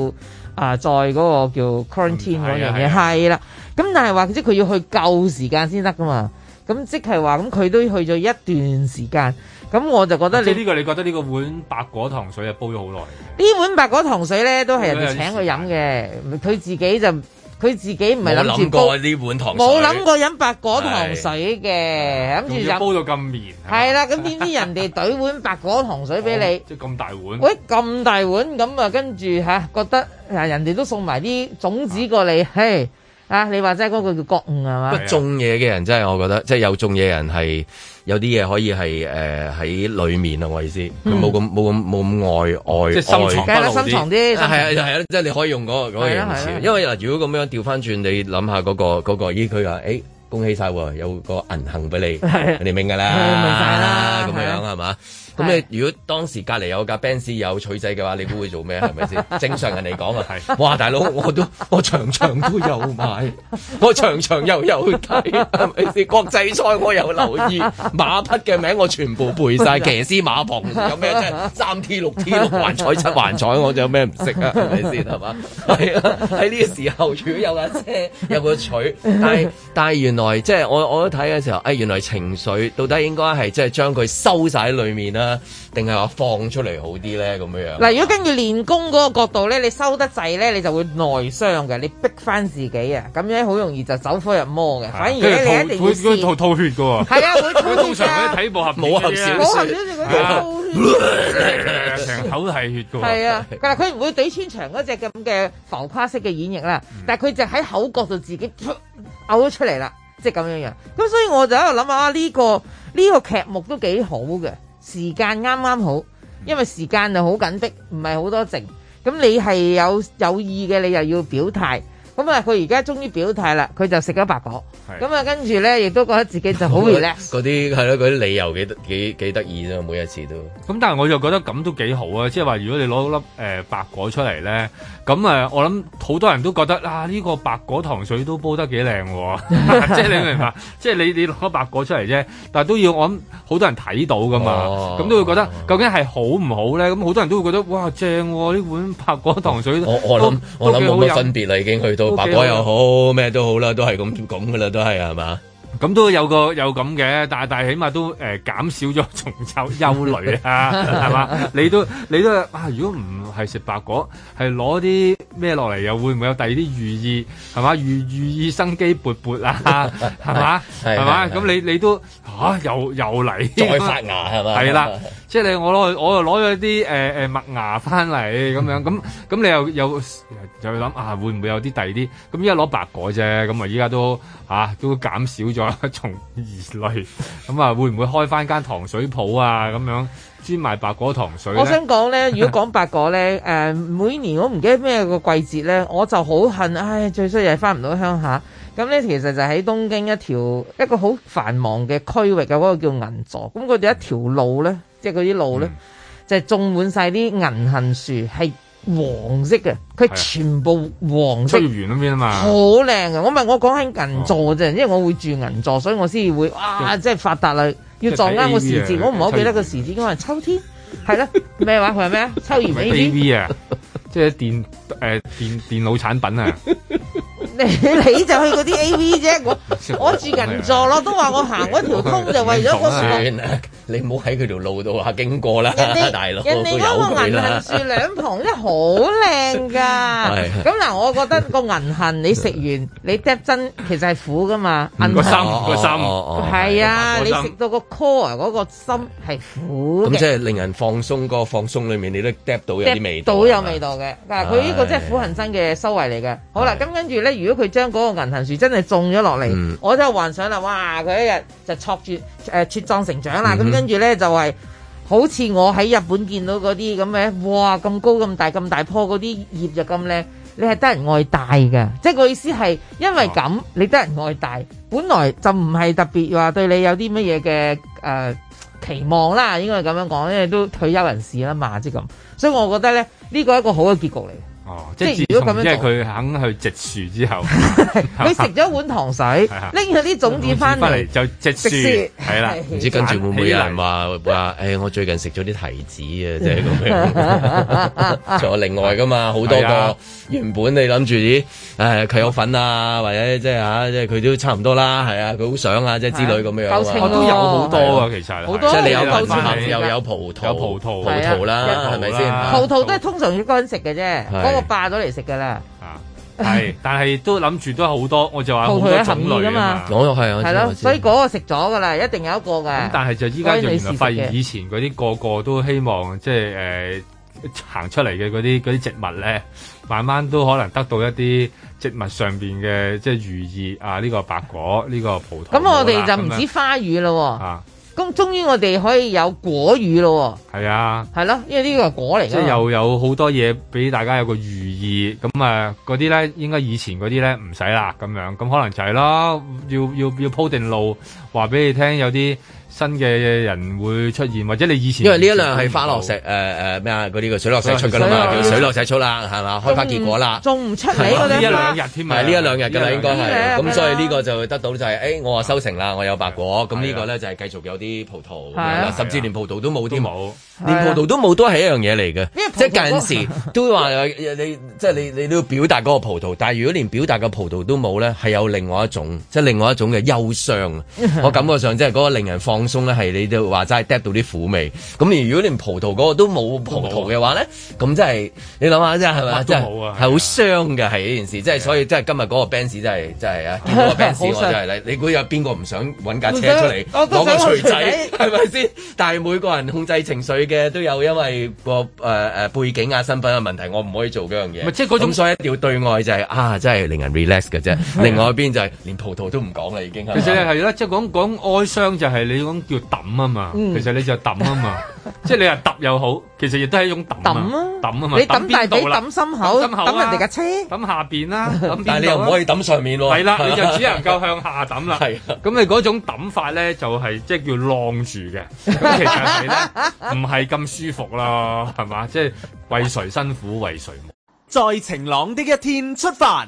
啊，再嗰個叫 quarantine 嗰樣嘢係啦。咁但係話即係佢要去夠時間先得噶嘛？咁即係話咁，佢都去咗一段時間。咁我就覺得，即係呢個你覺得呢個碗白果糖水啊，煲咗好耐。呢碗白果糖水咧，都係人哋請佢飲嘅，佢自己就佢自己唔係諗住煲呢碗糖水，冇諗過飲白果糖水嘅，諗住煲到咁綿。係啦，咁點知人哋懟碗白果糖水俾你，即係咁大碗。喂，咁大碗咁啊，跟住吓覺得啊，人哋都送埋啲種子過嚟，嘿啊！你話即係嗰個叫國農係嘛？種嘢嘅人真係，我覺得即係有種嘢人係。有啲嘢可以係誒喺裏面啊！我意思，佢冇咁冇咁冇咁外外外，即係收藏啲，收藏啲，係啊係啊，即係、啊啊啊啊、你可以用嗰、嗰個嗰、啊嗰個嘢唔、啊啊啊、因為嗱，如果咁樣調翻轉，你諗下嗰個嗰個，咦佢話，誒、嗰個欸、恭喜曬喎，有個銀杏俾你、啊，你明㗎啦，啊、明曬啦，咁樣樣係嘛？咁你如果當時隔籬有架 Benz 有取仔嘅話，你估會做咩？係咪先？ 正常人嚟講啊，係。哇，大佬我都我場場都有買。我場場又有睇，係咪先？國際賽我有留意，馬匹嘅名我全部背晒。騎 師馬房有咩啫？三 T 六 T 六環彩七環彩，我就有咩唔識啊？係咪先？係嘛？係啊！喺呢個時候，如果有架車，有個取，但係但係原來即係我我都睇嘅時候，誒、哎、原來情緒到底應該係即係將佢收晒喺裏面啊！定係話放出嚟好啲咧？咁樣樣嗱，如果跟住練功嗰個角度咧，你收得滯咧，你就會內傷嘅。你逼翻自己啊，咁樣好容易就走火入魔嘅，啊。反而你係吐，吐血嘅，係 啊，啊！佢通常睇武俠武俠小說，成 口都係血嘅。係 啊，嗱、啊，佢 唔會畀穿牆嗰隻咁嘅浮誇式嘅演繹啦、嗯，但係佢就喺口角度自己嘔咗出嚟啦，即係咁樣樣。咁所以我就喺度諗啊，呢、這個呢、這個劇目都幾好嘅。時間啱啱好，因為時間就好緊迫，唔係好多剩。咁你係有有意嘅，你又要表態，咁啊，佢而家終於表態啦，佢就食咗白果。咁啊，跟住咧，亦都覺得自己就好叻 l a 嗰啲係咯，嗰 啲理由幾得幾幾得意啫，每一次都。咁但係我又覺得咁都幾好啊，即係話如果你攞粒誒、呃、白果出嚟咧，咁啊，我諗好多人都覺得啊，呢、呢個白果糖水都煲得幾靚喎，即 係 你明白？即係你你攞白果出嚟啫，但係都要我諗好多人睇到噶嘛，咁、哦、都會覺得究竟係好唔好咧？咁、哦、好多人都會覺得哇正喎、啊！呢碗白果糖水，我我諗我諗冇分別啦，已經去到。白果又好，咩、okay. 都好啦，都係咁咁噶啦，都係係嘛。咁都有個有咁嘅，但係但係起碼都誒減、呃、少咗重酬憂慮啊，係 嘛？你都你都啊，如果唔係食白果，係攞啲咩落嚟又會唔會有第二啲寓意？係嘛，寓寓意生機勃勃啊，係 嘛，係嘛？咁你你都吓、啊、又又嚟 再發芽係嘛？係啦。即係你，我攞，我又攞咗啲誒誒麥芽翻嚟咁樣，咁咁你又又就去諗啊，會唔會有啲第二啲？咁依家攞白果啫，咁啊依家都嚇都減少咗從而嚟咁啊會唔會開翻間糖水鋪啊？咁樣專賣白果糖水呢。我想講咧，如果講白果咧， 每年我唔記得咩個季節咧，我就好恨唉，最衰又係翻唔到鄉下。咁咧其實就喺東京一條一個好繁忙嘅區域嘅嗰個叫銀座，咁佢哋一條路咧。即係嗰啲路咧、嗯，就係、種滿晒啲銀杏樹，係黃色嘅，佢全部黃色。秋葉原嗰邊啊嘛，好靚嘅。我唔係我講喺銀座啫、哦，因為我會住銀座，所以我先會哇，即係發達啦，要撞啱個時節。我唔好記得個時節，我話秋天，係啦咩話？佢係咩啊？秋葉原 B B 啊，即 係電誒、呃、電電腦產品啊。 你 你就去嗰啲 A.V. 啫，我我住銀座咯、啊，都話我行嗰條通就為咗個。算你唔好喺佢條路度啊，經過啦，大人哋嗰個銀杏樹兩旁真係好靚㗎，咁嗱，我覺得個銀杏你食完你 dep 其實係苦㗎嘛，嗯嗯心哦哦啊嗯、個, cour, 個心個心，係啊，你食到個 core 嗰個心係苦咁即係令人放鬆、個放鬆裏面你都 deps 到有啲味道，好有味道嘅。嗱、啊，佢呢個即係苦行僧嘅修為嚟嘅。好啦，咁、啊、跟住咧。如果佢將嗰個銀杏樹真係種咗落嚟，我真係幻想啦！哇，佢一日就坐住誒茁壯成長啦。咁跟住咧就係、是、好似我喺日本見到嗰啲咁嘅，哇咁高咁大咁大棵嗰啲葉就咁靚，你係得人愛戴㗎。即係、嗰個意思係因為咁，你得人愛戴、啊，本來就唔係特別話對你有啲乜嘢嘅誒期望啦。應該係咁樣講咧，因為都退休人士吖嘛，即係咁。所以我覺得咧，呢、這個係一個好嘅結局嚟。哦，即係如果咁樣，即係佢肯去植樹之後，佢食咗一碗糖水，拎咗啲種子翻嚟、啊、就，就植樹，係啦。唔、啊啊、知跟住會唔會有人話話、 哎、我最近食咗啲提子 啊，即係咁樣。仲、啊、有另外噶嘛，好、啊、多個原本你諗住誒佢有份啊，啊或者即係即係佢都差唔多啦，係啊，佢好想啊，即、就、係、是、之類咁、啊、樣。我、啊、都有好多啊，其實多。即係、啊啊啊、你有夠清又有葡萄，有葡萄、啊、葡萄啦，係咪先？葡萄都係通常要乾食嘅啫。我、那個、霸咗嚟食噶啦，係，但係都諗住都好多，我就話好多種類啊嘛、嘛，我係，係咯，所以嗰個食咗噶啦，一定有一個嘅。咁但係就依家就原來發現以前嗰啲個個都希望即係誒行出嚟嘅嗰啲啲植物咧，慢慢都可能得到一啲植物上邊嘅即係寓意啊，呢、這個白果呢、這個葡萄。咁我哋就唔止花語啦、啊。啊咁終於我哋可以有果語咯，係啊，係啦，因為呢個係果嚟嘅，即係又有好多嘢俾大家有個寓意，咁啊嗰啲咧應該以前嗰啲咧唔使啦，咁樣咁可能就係咯，要要要鋪定路，話俾你聽有啲。新嘅人會出現，或者你以前因為呢一輪係花落石誒誒咩啊？嗰啲個水落石出㗎啦嘛，叫水落石出啦，係嘛？開花結果啦，仲唔出嚟㗎咧？呢一兩日添啊！係呢一兩日㗎啦，應該係咁，啊、所以呢個就會得到就係、是、誒、哎，我話收成啦，我有白果咁、啊、呢個咧、啊、就係、是、繼續有啲葡萄、啊，甚至連葡萄都冇添，冇連葡萄都冇都係一樣嘢嚟嘅，即係有陣時都話 你即係、就是、你你要表達嗰個葡萄，但係如果連表達嘅葡萄都冇咧，係有另外一種即係、就是、另外一種嘅憂傷。我感覺上即係嗰個令人放鬆咧係你都話齋嗒到啲苦味。咁而如果連葡萄嗰個都冇葡萄嘅話咧，咁真係你諗下真係嘛，真係好傷嘅，係呢件事，即係所以、就是，即係今日嗰個奔馳真係真係啊！見到個奔馳我真係 你，估有邊個唔想搵架車出嚟，攞個錘仔，係咪先？但係每個人控制情緒嘅都有，因為個誒誒背景啊、身份嘅問題，我唔可以做嗰樣嘢。即係嗰種所謂一定要對外就係、是、啊，真係令人 relax 嘅啫。另外一邊就係、是、連葡萄都唔講啦，已經。其實係啦，即係講講哀傷就係你叫揼啊嘛，其實你就揼啊嘛，即係你係揼又好，其實亦都係一種揼啊，揼啊嘛，你揼大髀，揼心口，揼人哋嘅車，揼下邊啦， 但係你又唔可以揼上面喎，係啦，你就只能夠向下揼啦，咁你嗰種揼法咧就係即係叫晾住嘅，咁 其實係咧，唔係咁舒服咯，係嘛，即係為誰辛苦為誰忙，在晴朗的一天出發。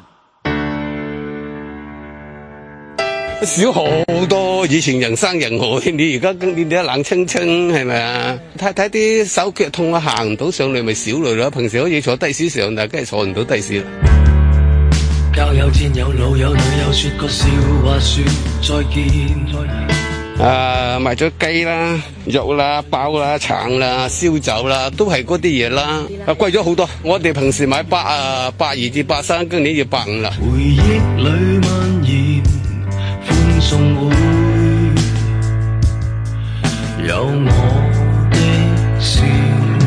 少好多，以前人山人海，你而家咁你你冷清清係咪啊？睇睇啲手腳痛啊，行唔到上嚟咪少咯。平時可以坐的士上，但係梗係坐唔到的士啦。啊，賣咗雞啦、肉啦、包啦、橙啦、燒酒啦，都係嗰啲嘢啦。啊，貴咗好多，我哋平時買百啊百二至百三，今年要百五啦。回憶有我嘅笑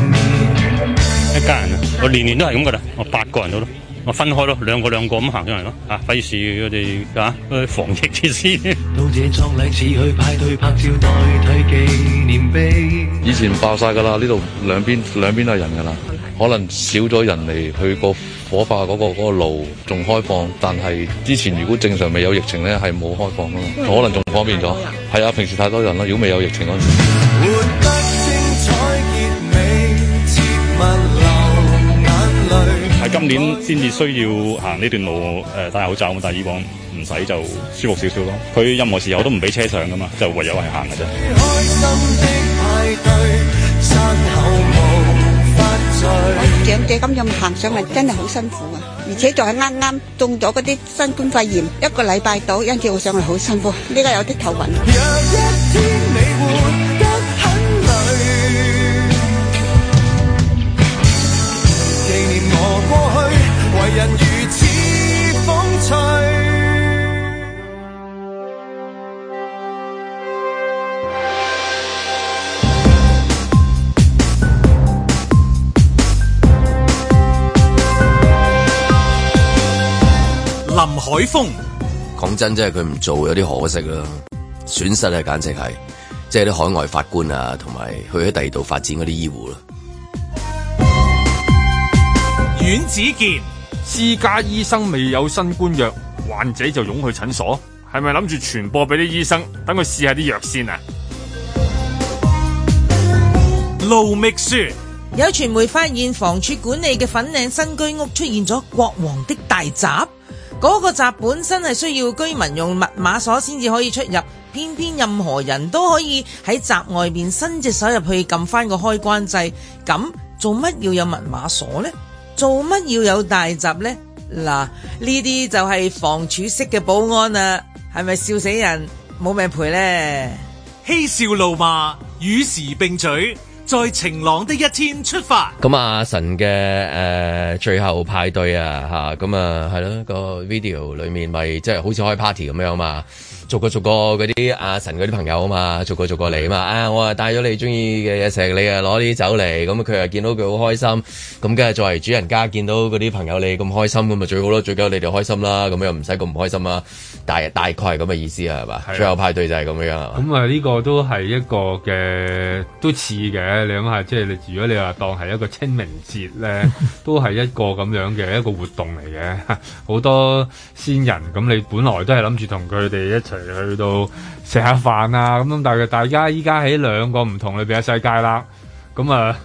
面，一家人啊，我年年都係咁噶啦，我八個人都咯，我分開咯，兩個兩個咁行上嚟咯，啊，費事我哋吓防疫設施。到這葬禮似去派對拍照代替紀念碑。以前爆晒噶啦，呢度兩邊兩邊都係人噶啦。可能少咗人嚟，去個火化嗰、嗰個嗰個路仲開放，但係之前如果正常未有疫情咧，係冇開放噶嘛，可能仲方便咗。係啊，平時太多人啦，如果未有疫情嗰陣。係今年先至需要行呢段路、呃、戴口罩咁，但係以往唔使就舒服少少咯。佢任何時候都唔俾車上噶嘛，就唯有係行嘅啫。長者咁樣行上嚟真係好辛苦啊，而且仲係啱啱中咗嗰啲新冠肺炎一個禮拜到，因此我上嚟好辛苦，呢家有啲頭暈。林海峰，講真，真係佢唔做有啲可惜啦，損失啊，簡直係，即係啲海外法官啊，同埋去喺第二度發展嗰啲醫護啦。阮子健，私家醫生未有新冠藥，患者就湧去診所，係咪諗住傳播俾啲醫生，等佢試下啲藥先啊？盧覓舒，有傳媒發現房署管理嘅粉嶺新居屋出現咗國王的大閘。嗰、那個閘本身係需要居民用密碼鎖先至可以出入，偏偏任何人都可以喺閘外面伸隻手入去撳翻個開關掣，咁做乜要有密碼鎖呢？做乜要有大閘呢？嗱，呢啲就係房署式嘅保安啦，係咪笑死人？冇命賠呢？嬉笑怒罵與時並舉。在晴朗的一天出發。咁啊，神嘅誒、呃、最後派對啊，吓，咁啊，係、啊、咯、啊啊個 video 裏面咪即係好似開 party 咁樣嘛。逐個逐個嗰啲阿神嗰啲朋友啊嘛，逐個逐個嚟啊嘛，啊我啊帶咗你中意嘅嘢食，你啊攞啲酒嚟，咁佢又見到佢好開心，咁梗係作為主人家見到嗰啲朋友你咁開心，咁咪最好咯，最緊你哋開心啦，咁又唔使咁唔開心啊，大大概係咁嘅意思吧啊，係嘛？最後派對就係咁樣啊。咁啊呢個都係一個嘅，都似嘅。你諗下，即係你如果你話當係一個清明節咧， 都係一個咁樣嘅一個活動嚟嘅，好多先人咁你本來都係諗住同佢哋一齊。去到食下飯啊，咁樣但係大家依家喺兩個唔同裏邊嘅世界啦。咁啊，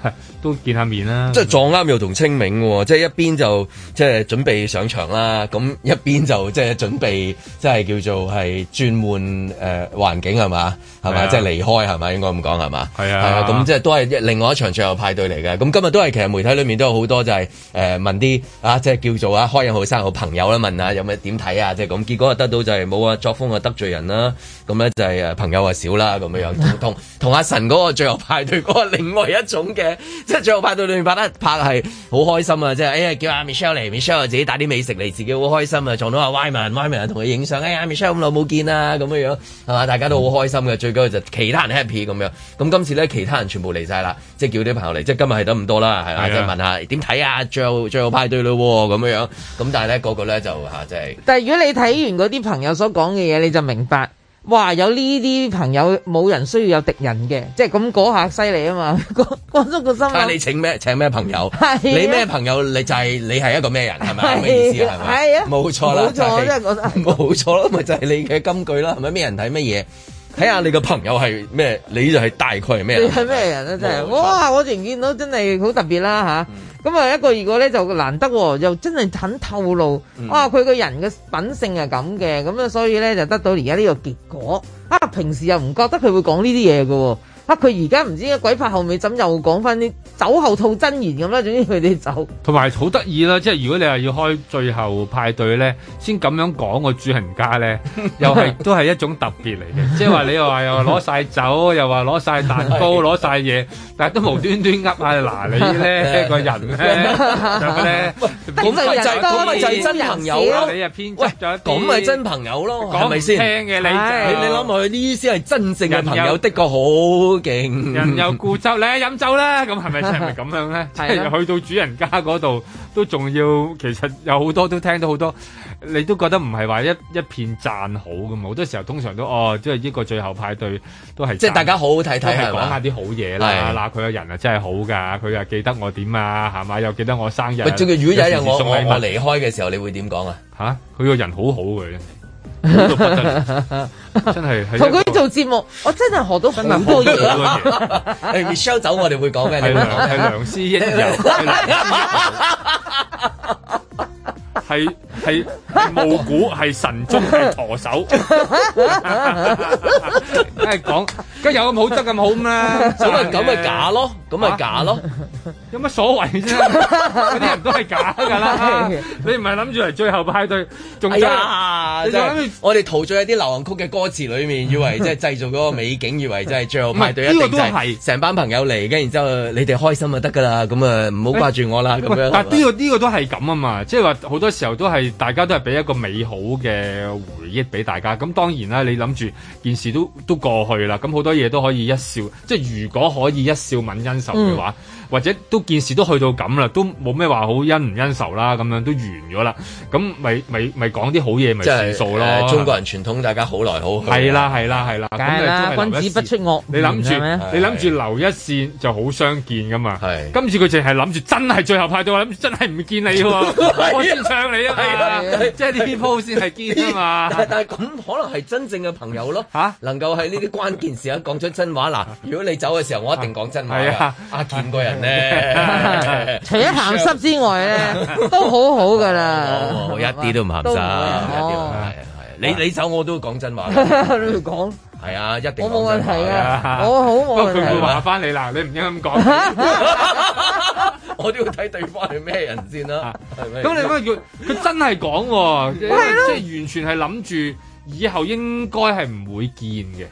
都見下面啦。即、就、係、是、撞啱又同清明喎，哦，即、就、係、是、一邊就即係、就是、準備上場啦，咁一邊就即係、就是、準備，即、就、係、是、叫做係轉換誒環境係嘛，係嘛，即係離開係嘛，應該咁講係嘛。係啊，啊，係啊，咁即係都係另外一場最後派對嚟嘅。咁今日都係其實媒體裏面都有好多就係、是、誒、呃、問啲啊，即、就、係、是、叫做啊開飲好生好朋友啦，問下有咩點睇啊，即係咁。結果啊得到就係冇啊作風啊得罪人，啊、啦，咁咧就係誒朋友啊少啦咁樣樣。同同阿神嗰個最後派對嗰個另外一。 一種嘅，即係最後派對裏面拍得拍係好開心啊！即係哎呀，叫阿 Michelle 嚟 ，Michelle 自己帶啲美食嚟，自己好開心啊！撞到阿 Wyman，Wyman 同佢影相， 哎呀，Michelle 咁耐冇見啦，咁樣樣係嘛？大家都好開心嘅、嗯，最緊要就其他人 happy 咁樣。咁今次咧，其他人全部嚟晒啦，即係叫啲朋友嚟。即係今日係得咁多啦，係啊！即係問下點睇啊？最後最後派對咯，咁樣樣。咁但係咧，個個咧就吓，即係。但係如果你睇完嗰啲朋友所講嘅嘢，你就明白。哇！有呢啲朋友冇人需要有敵人嘅，即係咁嗰下犀利啊嘛！講講咗個新聞。你請咩？請咩朋友？啊、你咩朋友？你就係、是、你係一個咩人？係咪咁咩意思？係咪？係啊！冇錯啦！冇錯，就是、錯，真係冇錯啦！咪就係、是、你嘅金句啦，係咪？咩人睇乜嘢？睇 下你個朋友係咩？你就係大概係咩、啊、人、啊？係咩人咧？真 係哇！我突然見到真係好特別啦、啊嗯咁啊，一個、二個咧就難得喎、哦，又真係肯透露，嗯、啊。佢個人嘅品性係咁嘅，咁啊，所以咧就得到而家呢個結果。啊，平時又唔覺得佢會講呢啲嘢嘅喎，啊，佢而家唔知鬼拍後尾怎又講翻啲。酒後吐真言咁啦，總之佢哋走。同埋好得意啦，即係如果你話要開最後派對咧，先咁樣講個主人家咧，又係都係一種特別嚟嘅。即係話你又話又攞曬酒，又話攞曬蛋糕，攞曬嘢，但係都無端端噏下嗱你咧，咩個人咧？咁咪就係真朋友咯，你係編輯。咁咪真朋友咯，講咪先。聽嘅你，你你諗落去呢啲先係真正嘅朋友，的確好勁。人又故酒，你飲酒啦，咁係咪？係咪咁樣咧？即係、啊就是、去到主人家嗰度，都仲要，其實有好多都聽到好多，你都覺得唔係話一一片贊好咁。好多時候通常都哦，即係呢個最後派對都係即係大家好好睇睇，係講下啲好嘢啦。嗱，佢個人啊真係好噶，佢又記得我點啊，係咪？又記得我生日。喂，仲要如果有一日我我離開嘅時候，你會點講啊？吓、啊，佢個人好好嘅。得得真係同佢做節目，我真係學到好多嘢。你 show 走我哋會講咩？係梁係梁師英友，係係係巫蠱，係神足，係舵手，係 講。 有咁好質咁好咩？咁咪咁咪假咯，咁 咪假咯、啊，有乜所謂啫？嗰 啲 人都係假噶啦， 你唔係諗住嚟最後派對，仲假、就是哎、我哋陶醉喺啲流行曲嘅歌詞裏面， 以為即係製造嗰個美景，以為即係最後派對一定係成班朋友嚟，跟然之後、哎、你哋開心就得噶啦，咁啊唔好掛住我啦咁、哎、樣。但呢、這個呢、這個都係咁啊嘛，即係話好多時候都係大家都係俾一個美好嘅回憶俾大家。咁當然啦，你諗住件事都都過去啦，咁好多。啲嘢都可以一笑，即係如果可以一笑泯恩仇嘅話。嗯或者都件事都去到咁啦，都冇咩話好恩唔恩仇啦，咁樣都完咗啦。咁咪咪咪講啲好嘢，咪算數咯。中國人傳統，大家好來好去。係啦係啦係啦，梗係啦，君子不出惡。你諗住，你諗住留一線就好相見噶嘛。係，今次佢淨係諗住真係最後派對，諗住真係唔見你喎，我先唱你啊。即係呢啲鋪線係堅啊嘛。但係咁可能係真正嘅朋友咯，吓能夠喺呢啲關鍵時刻講出真話。嗱，如果你走嘅時候，我一定講真話。係啊，阿健哥啊。除咗鹹濕之外咧 哦，都好好噶啦。我一啲都唔鹹濕，係啊係啊。一一哦、你你走我都講真話， 你講係啊，一定我冇問題啊！我好、啊、不過佢會話翻你啦，你唔應該咁講。 我都要睇對方係咩人先啦、啊。咁 你乜叫佢真係講？即 係完全係諗住以後應該係唔會見嘅。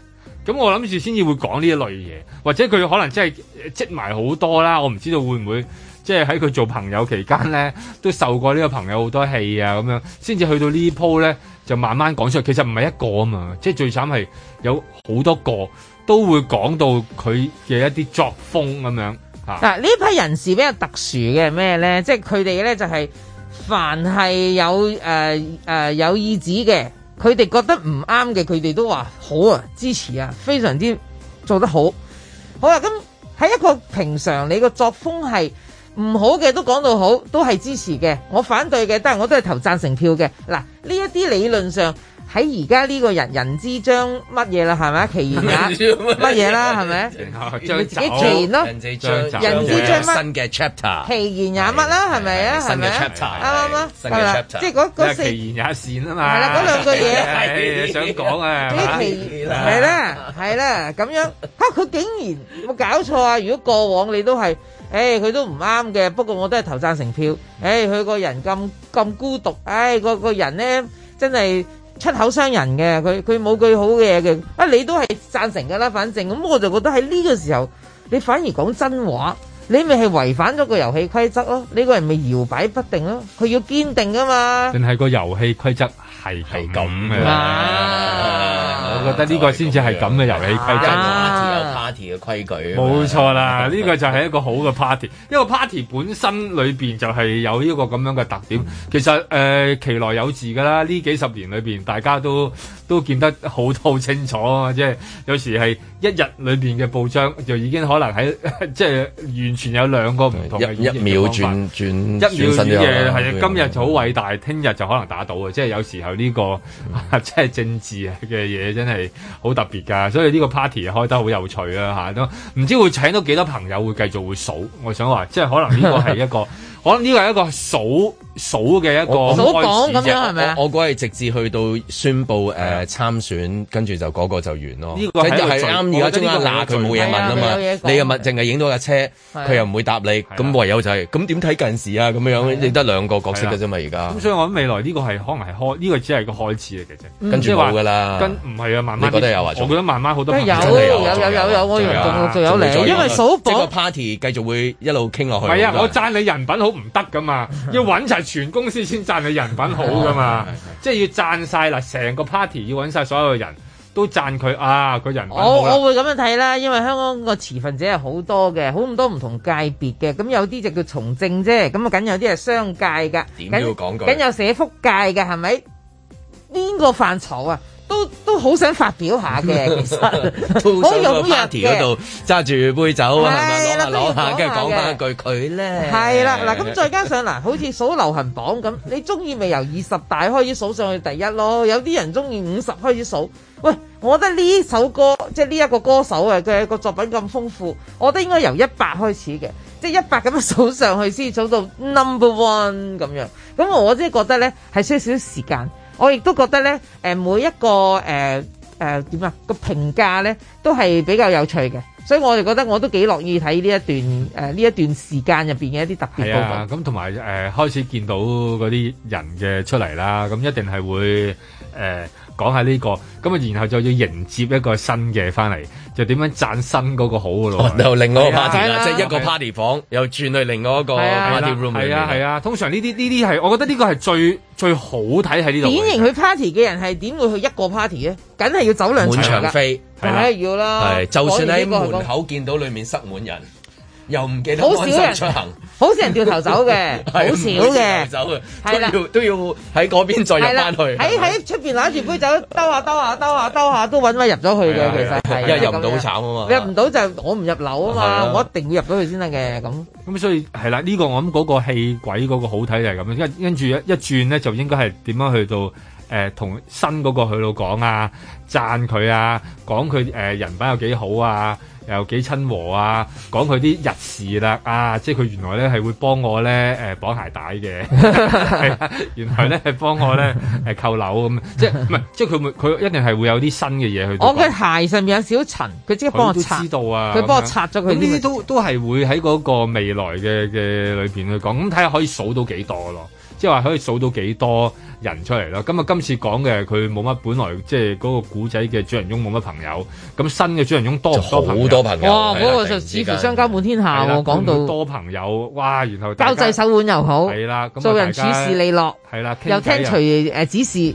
咁我諗住先至會講呢一類嘢，或者佢可能真係積埋好多啦，我唔知道會唔會即係喺佢做朋友期間咧，都受過呢個朋友好多氣啊咁樣，先至去到呢鋪咧就慢慢講出嚟。其實唔係一個啊嘛，即係最慘係有好多個都會講到佢嘅一啲作風咁樣吓。嗱呢批人士比較特殊嘅係咩咧？即係佢哋咧就係、是、凡係有誒、呃呃、有意志嘅。佢哋覺得唔啱嘅，佢哋都話好啊，支持啊，非常之做得好，好啊。咁喺一個平常你個作風係唔好嘅，都講到好，都係支持嘅。我反對嘅，但係我都係投贊成票嘅。嗱，呢一啲理論上。喺而家呢個人人之將乜嘢啦，係咪啊？其言也乜嘢啦，係咪？佢自己賺咯。人之將，人之將新嘅 chapter。其言也乜啦，係咪啊？新嘅 chapter 啱唔啱？新嘅 chapter 即係嗰嗰四。其言也善啊嘛。係啦，嗰兩句嘢。想講啊，啲奇係啦，係啦，咁樣嚇佢竟然有冇搞錯啊？如果過往你都係，誒佢都唔啱嘅，不過我都係投贊成票。誒佢個人咁咁孤獨，誒個個人咧真係。出口傷人嘅，佢佢冇句好嘅嘢嘅。啊你都係贊成㗎啦？反正咁我就覺得喺呢個時候你反而講真話，你咪係違反咗個遊戲規則咯，呢個人咪搖擺不定咯，佢要堅定㗎嘛。定係個遊戲規則？係係咁嘅啦，我覺得呢個先至係咁嘅遊戲規則，party 嘅規矩。冇、就是啊啊啊、錯啦，呢、呢個就係一個好嘅 party， 因為 party 本身裏面就係有呢個咁樣嘅特點。其實誒，其、呃、來有自㗎啦，呢幾十年裏面，大家都。都見得好清楚啊！即係有時係一日裏面嘅報章，就已經可能喺即係完全有兩個唔同嘅一,一秒轉轉一秒啲嘢係今日就好偉大，聽、嗯、日就可能打倒啊！即係有時候呢、呢個即係、啊、政治嘅嘢真係好特別㗎，所以呢個 party 開得好有趣啦、啊、都唔知會請到幾多朋友會繼續會數，我想話即係可能呢個係一個。 可能呢個係一個數數嘅一個開始講咁樣係咪？我估係直至去到宣佈誒、呃、參選，跟住就嗰個就完咯。呢、呢個係啱。而家中間揦佢冇嘢問啊嘛。你，你又問淨係影到架車，佢、啊、又唔會答你。咁、啊、唯有就係咁點睇近視啊？咁樣、啊、你得兩個角色嘅啫嘛。而家咁所以，我諗未來呢個係可能係開，呢、呢個只係個開始嘅啫、嗯。跟住啦、嗯。跟唔係啊？慢慢覺得有我覺得慢慢好多有有有。有有有有有因為 party 繼續會一路傾落去。係啊，我贊你人品好。唔得噶嘛，要搵齊全公司先讚你人品好噶嘛， 即係要讚晒嗱成個 party 要搵晒所有人都讚佢啊，佢人品好。我我會咁樣睇啦，因為香港個持份者係好多嘅，好咁多唔同界別嘅，咁有啲就叫從政啫，咁啊梗有啲係商界噶，點解要講句？梗有社福界嘅係咪？邊個範疇啊？都都好想發表下嘅，其實好喺 party 嗰度揸住杯酒，係攞下攞下，跟住講翻一句佢咧。係啦，嗱咁再加上嗱，好似數流行榜咁，你中意咪由二十大開始數上去第一咯？有啲人中意五十開始數。喂，我覺得呢首歌即係呢一個歌手嘅嘅個作品咁豐富，我覺得應該由一百開始嘅，即係一百咁樣數上去先至數到 number one 咁樣。咁我即係覺得咧，係需要少少時間。我亦都覺得咧，誒每一個誒誒點啊個評價咧，都係比較有趣嘅，所以我就覺得我都幾樂意睇呢一段誒呢一段時間入面嘅一啲特別報導。係啊，咁同埋誒開始見到嗰啲人嘅出嚟啦，咁一定係會誒。呃講下呢個，咁啊，然後就要迎接一個新嘅翻嚟，就點樣讚新嗰個好嘅路？ 又另外一個 party 啦、啊啊，即係一個 party 房、啊、又轉去另外一個 party room 嘅。係啊，係啊，啊，通常呢啲呢啲係，我覺得呢個係最最好睇喺呢度。典型去 party 嘅人係點會去一個 party 咧？梗係要走兩場㗎。滿場飛係、梗係、要啦、啊啊。就算喺門口見到裏面塞滿人。又唔記得好少人出行，好少人掉頭走嘅，好少嘅，走嘅，都要都要喺嗰邊再入翻去。喺喺出邊攬住杯酒兜下兜下兜下兜下，都揾翻入咗去嘅，其實係。因為入唔到好慘啊嘛！入唔到就我唔入樓啊嘛，我一定要入到去先得嘅咁。咁所以係啦，呢個我諗嗰個戲鬼嗰個好睇就係咁樣，跟跟住一轉咧就應該係點樣去到誒同新嗰個去到講啊，讚佢啊，講佢誒人品有幾好啊。又幾親和啊！講佢啲日事啦，啊！即係佢原來咧係會幫我咧誒綁鞋帶嘅， 原來呢咧係幫我咧扣購樓咁， 即係唔係？即係佢佢一定係會有啲新嘅嘢去。我佢鞋上面有少塵，佢即刻幫我擦。佢知道啊！佢幫我拆咗佢。呢啲都都係會喺嗰個未來嘅嘅裏面去講，咁睇下可以數到幾多咯。即係話可以數到幾多人出嚟啦，咁啊今次講嘅佢冇乜本來即係嗰個古仔嘅主人翁冇乜朋友，咁新嘅主人翁多唔多朋友？好多朋友，哇！嗰、哦、個就似乎相交滿天下，啊，我講到多朋友，哇！然後交際手腕又好，係啦，做人處事利落，係啦，又聽隨誒指示。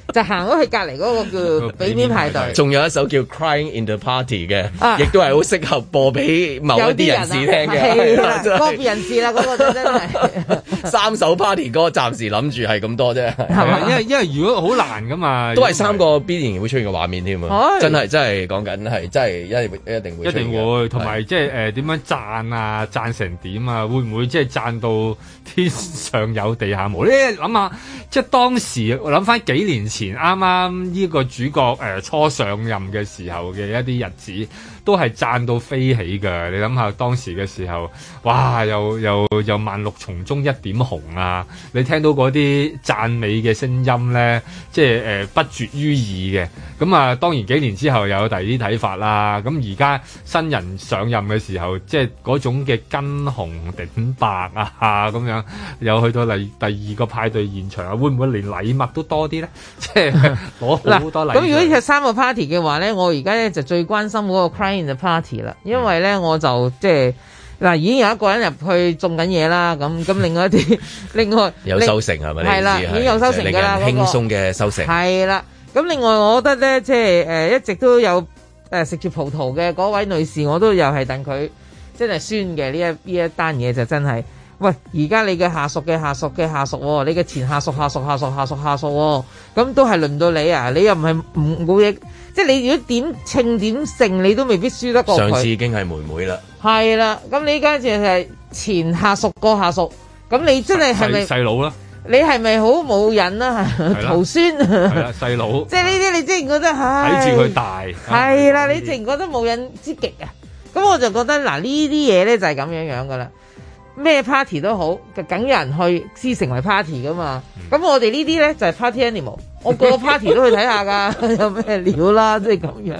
就行咗去隔籬嗰個叫俾面派，派對，仲有一首叫 Crying in the Party 嘅，亦都係好適合播俾某一啲人士聽嘅。有啲人啊，人士啦，嗰、嗰個真係 三首 Party 歌，暫時諗住係咁多啫。係咪？因為因為如果好難噶嘛，都係三個必然會出現嘅畫面添啊、哎！真係真係講緊係真係一,一定會出現一定會同埋即係誒點樣讚啊？讚成點啊？會唔會即係讚到天上有地下無咧？諗下即係當時我諗翻幾年前。啱啱呢個主角誒，初上任嘅時候嘅一啲日子。都係讚到飛起噶！你諗下當時嘅時候，哇！又又又萬綠叢中一點紅啊！你聽到啲讚美嘅聲音咧，即係誒不絕於耳嘅。咁啊，當然幾年之後又有第二啲睇法啦。咁而家新人上任嘅時候，即係種種嘅跟紅頂白啊咁樣，又去到第第二個派對現場啊，會唔會連禮物都多啲咧？即係攞好多禮物。 咁如果係三個 party 嘅話咧，我而家咧就最關心個。 party 啦，因為咧我就即係嗱，已經有一個人入去種緊嘢啦，咁咁另外一啲，另外 有收成係咪咧？係啦，已經有收成噶啦，嗰、嗰個輕鬆嘅收成係啦。咁另外我覺得咧，即係誒、呃、一直都有誒食住葡萄嘅嗰位女士，我都又係等佢真係酸嘅呢一呢一單嘢就真係。喂，而家你嘅下屬嘅下屬嘅下屬、哦，你嘅前下屬下屬下屬下屬下屬、哦，咁、嗯、都係輪到你啊！你又唔係唔冇嘢？即係你如果點稱點勝你都未必輸得過佢。上次已經係妹妹啦。係啦，咁你依家就係前下屬個下屬，咁你真係係咪細佬啦？你係咪好冇癮啦？徒孫。係啦，細佬。即係呢啲，你即係覺得吓睇住佢大。係啦，你突然覺得冇癮之極啊！咁我就覺得嗱，呢啲嘢咧就係咁樣樣噶啦。咩 party 都好，梗有人去先成為 party 噶嘛。咁、嗯、我哋呢啲咧就係 party animal。 我個 party 都去睇下㗎， 有咩料啦？即係咁樣，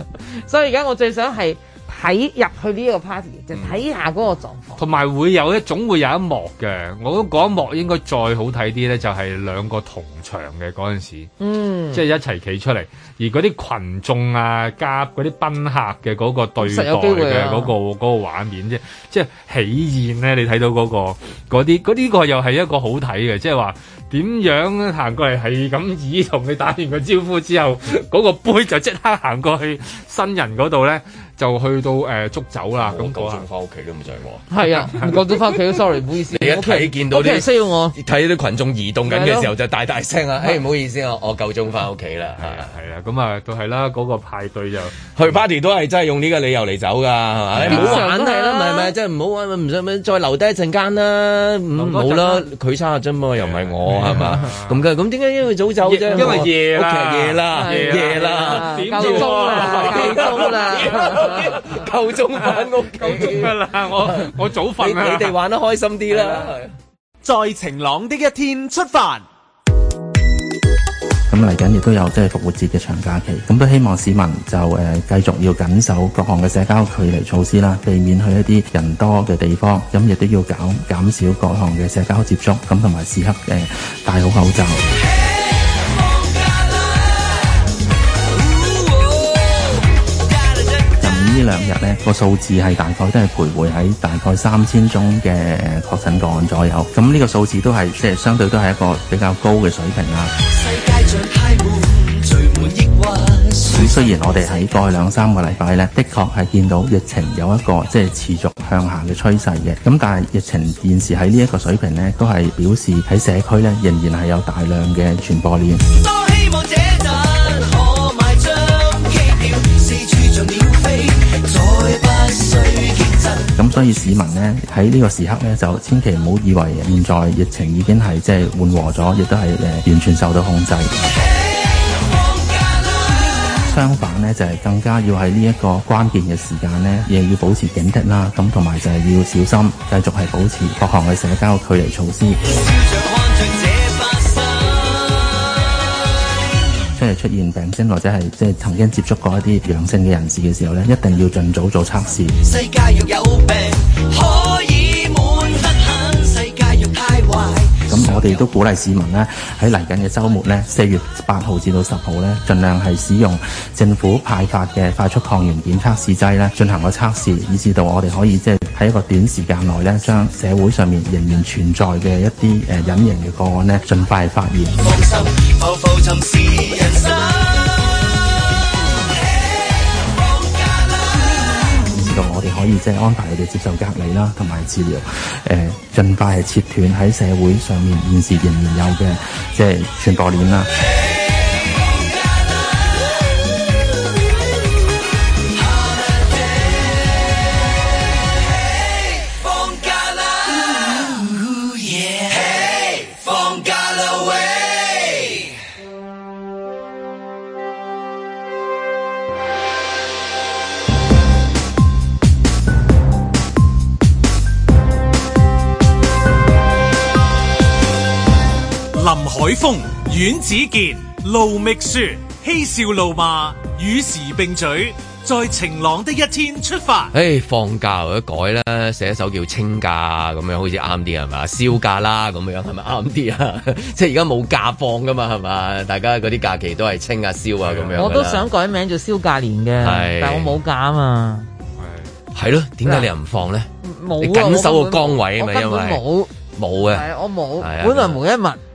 所以而家我最想係睇入去呢個 party，就睇下嗰個狀況。同埋會有一總會有一幕嘅，我覺得嗰一幕應該再好睇啲咧，就係兩個同場嘅嗰陣時，嗯，即係一齊企出嚟，而嗰啲群眾啊夾嗰啲賓客嘅嗰個對待嘅嗰個嗰個畫面，即係喜宴咧，你睇到嗰個嗰啲嗰啲個又係一個好睇嘅，即係話。點樣行過嚟係咁以，同佢打完個招呼之後，嗰個杯就即刻行過去新人嗰度咧。就去到誒、呃、捉走啦咁、哦、 啊！夠鍾翻屋企都唔想我係啊！唔夠鍾翻屋企都 sorry，唔 好意思。你一睇見到啲需要我睇啲群眾移動緊嘅時候，就大大聲啊！誒、 哎，唔好意思 啊，我夠鍾翻屋企啦。係啊，係啊，咁啊都係啦。嗰個派對就 去 party 都係真係用呢個理由嚟走㗎。唔 好、哎、別玩係啦，係咪？真係唔好啊！唔想再留低一陣間啦。唔好啦，佢差啫嘛，又唔係我係嘛？咁嘅咁點解因為早走啫？因為夜啦，夜啦、啊，夜啦、啊，夠鍾啦，夠鍾啦。夠鍾玩， 我夠鍾噶啦，我 我早瞓你哋 玩得開心啲啦。在晴朗的一天出發。咁嚟緊亦都有即係復活節嘅長假期，咁都希望市民就誒繼續要緊守各項嘅社交距離措施啦，避免去一啲人多嘅地方，咁亦都要減減少各項嘅社交接觸，咁同埋時刻誒戴好口罩。呢兩日呢個數字係大概都係徘徊喺大概三千宗嘅確診個案左右，咁呢個數字都係即係相對都係一個比較高嘅水平啦。咁雖然我哋喺過去兩三個禮拜呢，的確係見到疫情有一個即係持續向下嘅趨勢嘅，咁但係疫情現時喺呢一個水平呢，都係表示喺社區呢，仍然係有大量嘅傳播鏈。咁所以市民呢喺呢個時刻呢，就千祈唔好以為現在疫情已經係即係緩和咗，亦都係誒、呃、完全受到控制。Hey, 相反呢，就係、是、更加要喺呢一個關鍵嘅時間呢，亦要保持警惕啦。咁同埋就係要小心，繼續，係保持各項嘅社交距離措施。Hey, 即係出現病徵，或者係即係曾經接觸過一啲陽性嘅人士嘅時候咧，一定要盡早做測試。世界有有病我哋都鼓勵市民呢，喺嚟緊嘅週末呢，四月八號至到十號呢，盡量係使用政府派發嘅快速抗原檢測試劑呢進行個測試，以至到我哋可以即係喺一個短時間內呢，將社會上面仍然存在嘅一啲誒隱形嘅個案呢，盡快發現。可以即係安排你哋接受隔離啦，同埋治療。誒，盡快係切斷喺社會上面現時仍然有嘅即係傳播鏈啦。海風、阮子健、盧覓雪，嬉笑怒罵，與時並進。在晴朗的一天出發。誒、哎，放假我都改啦，寫一首叫清假咁樣，樣，好似啱啲係嘛？燒假啦咁樣，係咪啱啲啊？即係而家冇假放噶嘛，係嘛？大家嗰啲假期都係清啊，燒啊、燒啊咁樣。我都想改名做燒假年嘅、啊，但我冇假啊嘛。係係咯，點解你又唔放咧？冇啊，啊，啊，啊！我緊守個崗位啊嘛，因為冇冇嘅，我冇，本來無一物。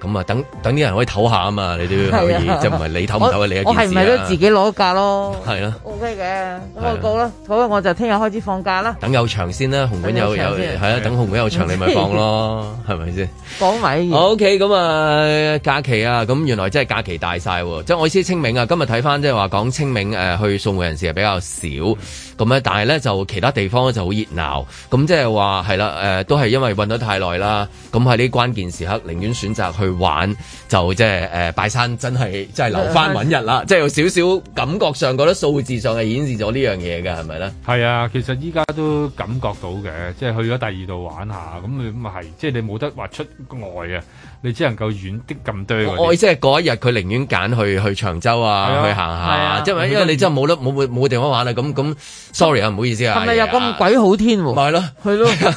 咁、嗯、啊，等等啲人可以唞下啊嘛，你都可以就唔係你唞唔唞啊？你，你一件事啊，我係咪都自己攞價咯？係啦 o k 嘅，okay 啊、我告啦、啊、好啦，我就聽日開始放假啦。等有場先啦、啊，紅館有有係啊，啊，等紅館有場你咪放咯，係咪先？講埋。好 OK，咁啊假期啊，咁原來真係假期大晒喎，即係我意思清明啊，今日睇翻即係話講清明、呃、去送嘅人士比較少咁啊，但係咧就其他地方就好熱鬧，咁即係話係啦，都係因為運得太耐啦，咁喺呢關鍵時刻寧願選擇去。去玩就即係誒，拜山真係真係留翻穩日啦，即係有少少感覺上覺得數字上係顯示咗呢樣嘢嘅，係咪咧？係啊，其實依家都感覺到嘅，即係去咗第二度玩一下，咁咁啊係，即係你冇得話出外啊。你只能夠遠啲咁對我即係過一日，佢寧願揀去去長洲啊，啊去行下，即係、啊、因為你真係冇得冇冇冇地方玩啦，咁咁，sorry 啊，唔好意思啊，係咪又咁鬼好天？啊。係、啊、咯，係咯，咁、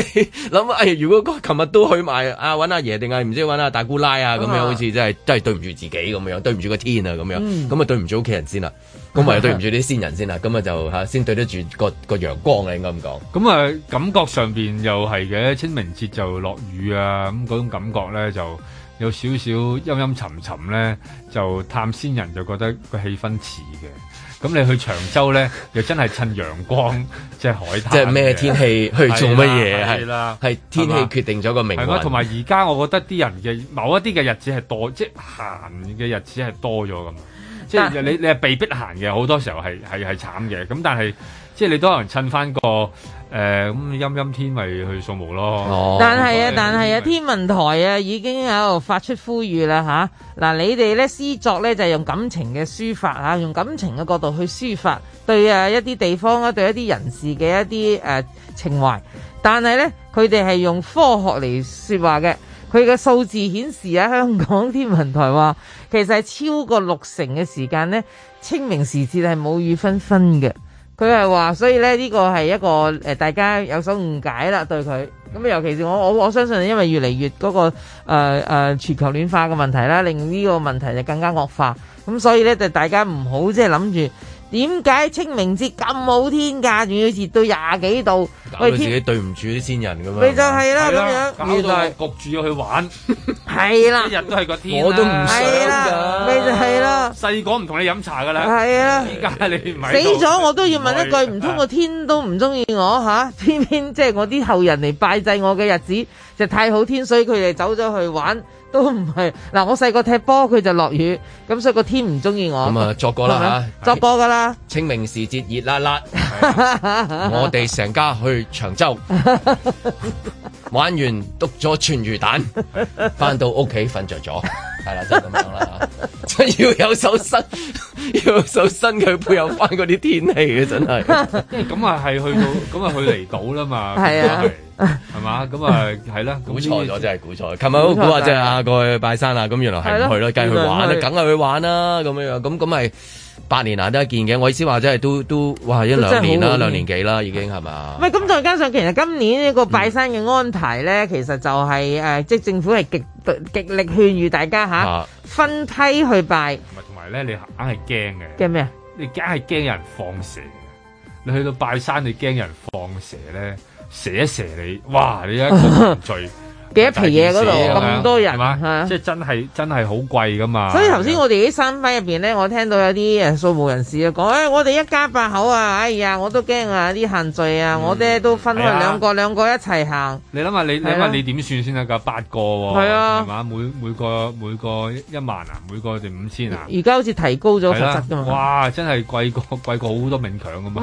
啊、你諗，哎，如果琴日都去埋，啊搵阿爺定係唔知搵阿大姑奶啊，咁、啊、樣好似真係真係對唔住自己咁樣，對唔住個天啊，咁樣，咁、嗯、啊對唔住屋企人先啦。咁咪對唔住啲先人先啦，咁啊就吓先對得住個個陽光啊，應該咁講。咁啊感覺上邊又係嘅，清明節就落雨啊，咁嗰種感覺咧就有少少陰陰沉沉咧，就探先人就覺得個氣氛似嘅。咁你去長洲咧，又真係趁陽光即係海灘，即係咩天氣去做乜嘢係啦？係天氣決定咗個命運。係啊，同埋而家我覺得啲人嘅某一啲嘅日子係多，即係閒嘅日子係多咗咁。即係你你係被逼行嘅，好多時候係係係慘嘅。咁但係即係你都可能趁翻個誒咁、呃、陰陰天咪去掃墓咯。哦、但係啊，但係啊，天文台啊已經喺度發出呼籲啦嚇。嗱、啊，你哋咧詩作咧就係、是、用感情嘅抒發啊，用感情嘅角度去抒發對啊一啲地方啊，對一啲人士嘅一啲誒、呃、情懷。但係咧，佢哋係用科學嚟說話嘅。佢嘅數字顯示喺香港天文台話，其實係超過六成嘅時間呢，清明時節係冇雨紛紛嘅。佢係話，所以呢，呢個係一個誒，大家有所誤解啦，對佢。咁尤其是我，我我相信，因為越嚟越嗰、那個誒、呃呃、全球暖化嘅問題啦，令呢個問題就更加惡化。咁所以呢，就大家唔好即係諗住。點解清明節咁好天架，仲要熱到廿幾度？搞到自己對唔住啲先人咁樣，咪就係、是、啦，咁、啊、樣搞到焗住要去玩，係 啦、啊，一日都係個天、啊、我都唔係啦，咪就係啦，細個唔同你飲茶噶啦，係啊，依、啊、家、啊就是、你唔係、啊、死咗，我都要問一句，唔通個天都唔中意我吓？偏偏即係我啲後人嚟拜祭我嘅日子，就太好天，所以佢哋走咗去玩。都唔係嗱，我細個踢波佢就落雨，咁所以個天唔中意我。咁啊，作過啦吓，作歌噶啦。清明時節熱辣辣，熱熱熱熱 我哋成家去長洲。 玩完篤咗全魚蛋，返到屋企瞓着咗，係 啦，就係咁樣啦。即要有手信，要有手信佢配合返嗰啲天氣嘅真係，咁啊係去到，咁啊去離島啦嘛。係、 就是 嗯嗯、啊，係嘛，咁啊係啦。估錯咗真係估錯。琴日好估啊，即係啊，過去拜山啊，咁原來係唔去啦，梗係去玩啦，梗係去玩啦，咁樣樣，咁咁咪。八年難得一見嘅，我意思話真係都都哇一兩年啦，兩年幾啦已經係嘛？唔係咁再加上其實今年呢個拜山嘅安排咧，其實就係、是、誒、呃，即係政府係極極力勸喻大家吓、嗯啊、分批去拜。同埋咧，你硬係驚嘅。驚咩啊？你硬係驚人放蛇。你去到拜山，你驚人放蛇咧，蛇一蛇你，哇！你一個罪 幾一皮嘢嗰度咁多人，即係真係真係好貴噶嘛！所以頭先我哋啲商輝入邊咧，我聽到有啲誒掃墓人士啊講：誒、哎，我哋一家八口啊，哎呀，我都驚啊啲限聚啊！嗯、我咧都分開兩個兩個一齊行。你諗下，你諗下你點算先得㗎？八個喎，係啊，係嘛？每每個每個一萬啊，每個定五千啊。而家好似提高咗實質㗎、啊、嘛！哇，真係貴過貴過好多冥鏹㗎嘛！唔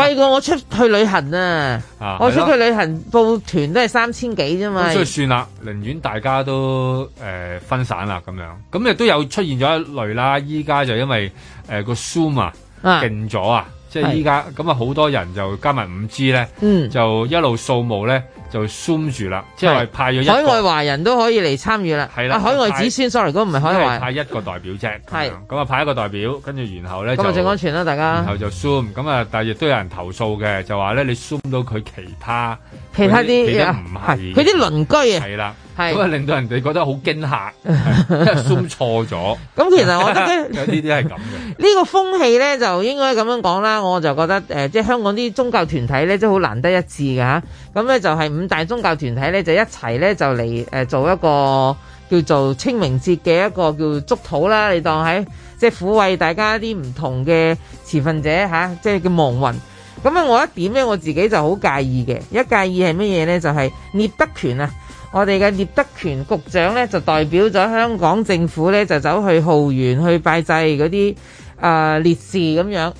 係貴過我出去旅行啊！ 我出去旅行報團都係三千幾啫嘛。算啦，寧願大家都誒、呃、分散啦咁樣，咁亦都有出現咗一類啦。依家就因為誒個 zoom 啊勁咗啊，即係依家咁啊，好多人就加埋五 G 咧，就一路掃墓咧。就 Zoom 住啦，即係派咗海外華人都可以嚟參與啦。係啦、啊，海外子孫 sorry，如果唔係海外華人派一個代表啫。係咁啊，派一個代表，跟住然後咧就，就最安全啦，大家。然後就 Zoom 咁啊，但係亦都有人投訴嘅，就話咧你 Zoom 到佢其他其他啲，記唔係佢啲鄰居啊。係啦，係咁啊，就令到人哋覺得好驚嚇，即係 Zoom 錯咗。咁 其實我覺得呢啲係咁嘅。呢、 這個風氣咧就應該咁樣講啦，我就覺得誒、呃，即係香港啲宗教團體咧都好難得一致㗎。咁咧就係五大宗教團體咧就一齊咧就嚟誒做一個叫做清明節嘅一個叫祝土啦，你當喺即係撫慰大家啲唔同嘅持份者即係、啊就是、叫亡魂。咁啊，我一點咧我自己就好介意嘅，一介意係乜嘢咧？就係、是、聶德權啊，我哋嘅聶德權局長咧就代表咗香港政府咧就走去浩園去拜祭嗰啲啊烈士咁樣。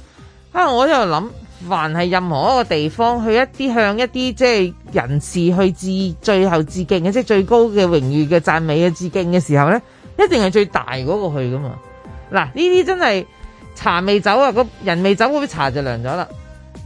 啊，我喺度諗。凡係任何一個地方去一啲向一啲即係人士去致最後致敬嘅，即係最高嘅榮譽嘅讚美嘅致敬嘅時候咧，一定係最大嗰個去噶嘛。嗱呢啲真係茶未走啊，人未走，嗰杯茶就涼咗啦。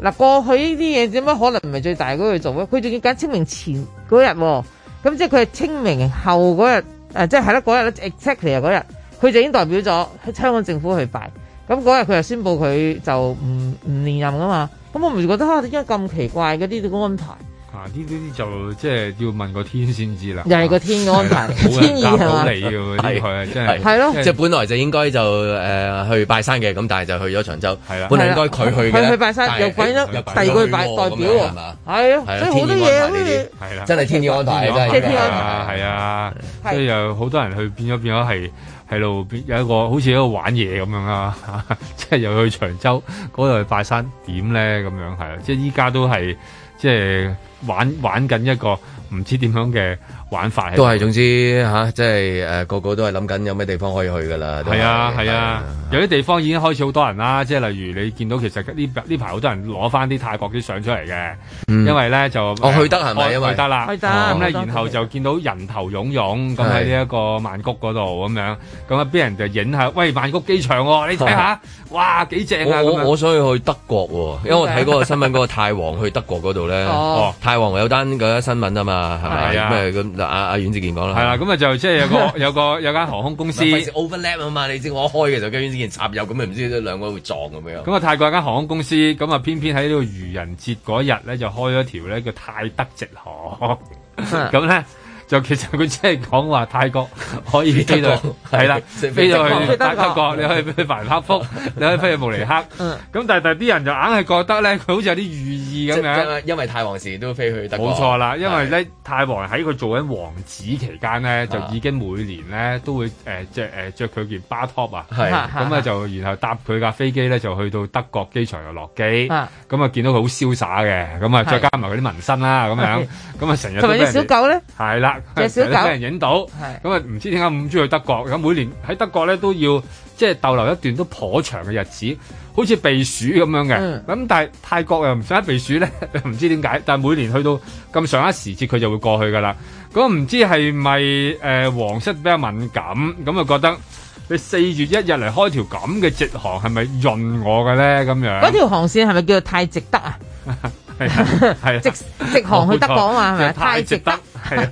嗱，過去呢啲嘢點解可能唔係最大嗰去做咧？佢仲要揀清明前嗰日喎，咁即係佢係清明後嗰日，即係啦嗰日啦，exactly 啊嗰日，佢就已經代表咗香港政府去拜。咁、那、嗰、個、日佢又宣布佢就唔唔連任噶嘛，咁我唔覺得哈點解咁奇怪嘅呢啲安排？啊呢啲就即係、就是、要問個天先知天 啦，又係個天嘅、呃啊啊欸啊安，啊、安排，天意係嘛？夾唔到你真係。係咯、啊，即係本來就應該就誒去拜山嘅，咁但係就去咗長洲。係啦，本來應該佢去嘅。去去拜山，又鬼咗，第二個去拜代表喎。係啊，所以好多嘢都係真係天意安排，即係天意安排，係啊，即係又好多人去，變咗變咗係。係咯，有一個好似喺度玩嘢咁樣啦、啊啊，即係又去長洲嗰度拜山點咧咁樣，係啊，即係依家都係即係玩玩緊一個唔知點樣嘅。玩法都係，總之吓、啊，即係誒、呃，個個都係諗緊有咩地方可以去噶啦。係啊係啊，啊，有啲地方已經開始好多人啦，即係例如你見到其實呢呢排好多人攞翻啲泰國啲相出嚟嘅。嗯，因為咧就我去得係咪？因為去得啦，去得咁呢、啊哦，然後就見到人頭湧湧咁喺呢一個曼谷嗰度咁樣，咁啊，啲人就影下，喂，曼谷機場喎、哦，你睇下、啊，哇，幾正啊！我我我想要去，去德國喎、哦，因為我睇嗰個新聞，嗰個泰皇去德國嗰度咧，泰皇有單嗰啲新聞啊嘛，係咪啊啊、之就阿阿阮志健講啦，係 啦，咁啊就即係有個有個有間航空公司 overlap 啊嘛，你知我開嘅時候跟阮志健插入，咁啊唔知都兩個會撞咁樣。咁啊泰國有間航空公司，咁啊偏偏喺呢個愚人節嗰日咧就開咗一條咧叫泰德直航，咁 咧。 就其實佢即係講話泰國可以飛到，係 啦，飛到去德國，你可以飛去凡克福， 你可以飛去慕 尼克。咁 但係啲人就硬係覺得咧，佢好似有啲寓意咁樣。因為泰王時都飛去德國。冇錯啦，因為咧，泰王喺佢做緊王子期間咧，就已經每年咧都會誒著誒著佢件巴托啊，咁啊就然後搭佢架飛機咧就去到德國機場又落機，咁啊見到佢好瀟灑嘅，咁啊再加埋佢啲紋身啦咁樣，咁啊成日同啲小狗咧，係啦。有、就是、人影到，咁啊唔知點解唔中意去德國，咁每年喺德國咧都要即係逗留一段都頗長嘅日子，好似避暑咁樣嘅。咁、嗯、但係泰國又唔想避暑咧，唔知點解。但係每年去到咁上一時節，佢就會過去噶啦。咁唔知係咪誒皇室比較敏感，咁啊覺得你四月一日嚟開條咁嘅直航，係咪潤我嘅咧？咁樣嗰條航線係咪叫做泰值得啊？ 係 啊，係啊，是啊 直直航去德港嘛，係咪？太值得，係啊，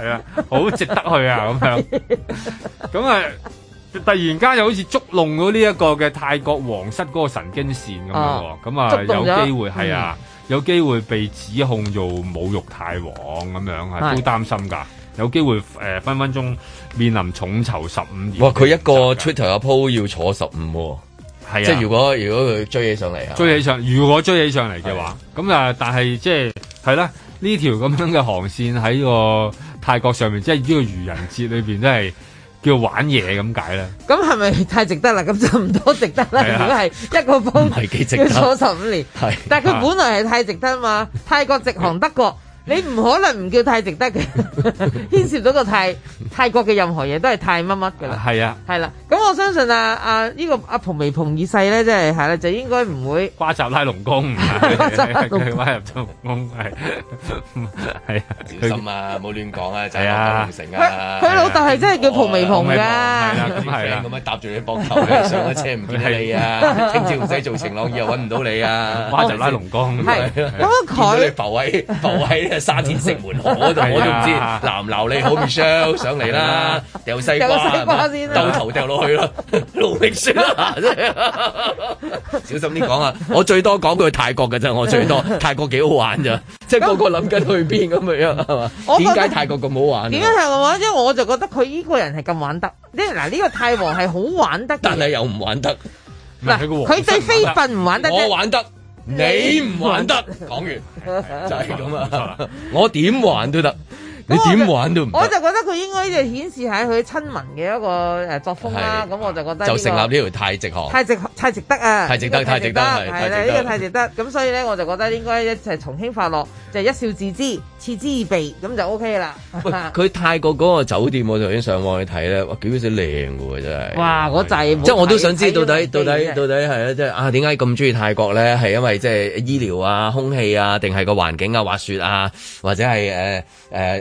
係啊，好、 啊、值得去啊，咁樣。咁 是啊， 突然間又好似觸動咗呢一個嘅泰國皇室嗰個神經線咁樣喎。咁啊，有機會係啊，有機會被指控做侮辱泰皇咁樣啊，都擔心噶、啊。有機會誒、呃，分分鐘面臨重囚十五年。哇，佢一個 Twitter 嘅鋪要坐十五、哦。係、啊、即係如果如果佢追起上嚟啊，追起上如果追起上嚟嘅話，咁啊但係即係係啦，呢條咁樣嘅航線喺個泰國上面，即係呢個愚人節裏邊，真係叫玩嘢咁解啦。咁係咪太值得啦？咁就唔多值得啦、啊。如果係一個方，係幾值得？佢坐十五年，但係佢本來係太值得嘛啊嘛，泰國直航德國。你唔可能唔叫泰值得嘅，牽涉到個泰泰國嘅任何嘢都係泰乜乜㗎啦。係啊，係啦。咁我相信啊啊呢個阿蒲美蓬二世咧，即係係啦，就應該唔會。瓜集拉龍宮，佢挖入咗龍宮係係啊，小心啊，冇亂講啊，就係龍城啊。佢老豆係真係叫蒲美蓬㗎。係啦，係咁樣搭住你膊頭，你上咗車唔見你啊，聽朝唔使做晴朗，以後揾唔到你啊。瓜集拉龍宮，係見到你浮喺浮喺。沙田石門口、 啊、我就我都唔知，鬧唔鬧你好 Michelle 上嚟啦，掉、啊、西瓜，西瓜先、啊、丟丟啦，兜頭掉落去咯 l 力 u 小心啲講啊！我最多講句泰國嘅啫，我最多 泰國幾好玩咋，即係嗰個諗緊去邊咁樣係嘛？點 解泰國咁好玩、啊？點解泰國玩？因為我就覺得佢呢個人係咁玩得，即係嗱呢個泰王係好玩得，但係又唔玩得嗱，佢 對非糞唔玩得，我玩得 你唔還得，講 說完 就係咁啊。 我點還都得。 你點玩都唔，我就覺得佢應該就顯示喺佢親民嘅一個誒作風啦、啊。咁我就覺得、這個、就成立呢條太直航太直太值得啊！太值得，太值得，係，係啦，呢個太值得。咁所以咧，我就覺得應該一齊從輕發落，就是、一笑置之，嗤之以鼻，咁就 O K 啦。佢 泰國嗰個酒店，我就已經上網去睇咧，哇，幾鬼死靚喎，真係。哇！嗰滯，即我都想知道到底到底到底係啊，即係啊？點解咁中意泰國咧？係因為即係醫療啊、空氣啊，定係個環境啊、滑雪啊，或者係誒、呃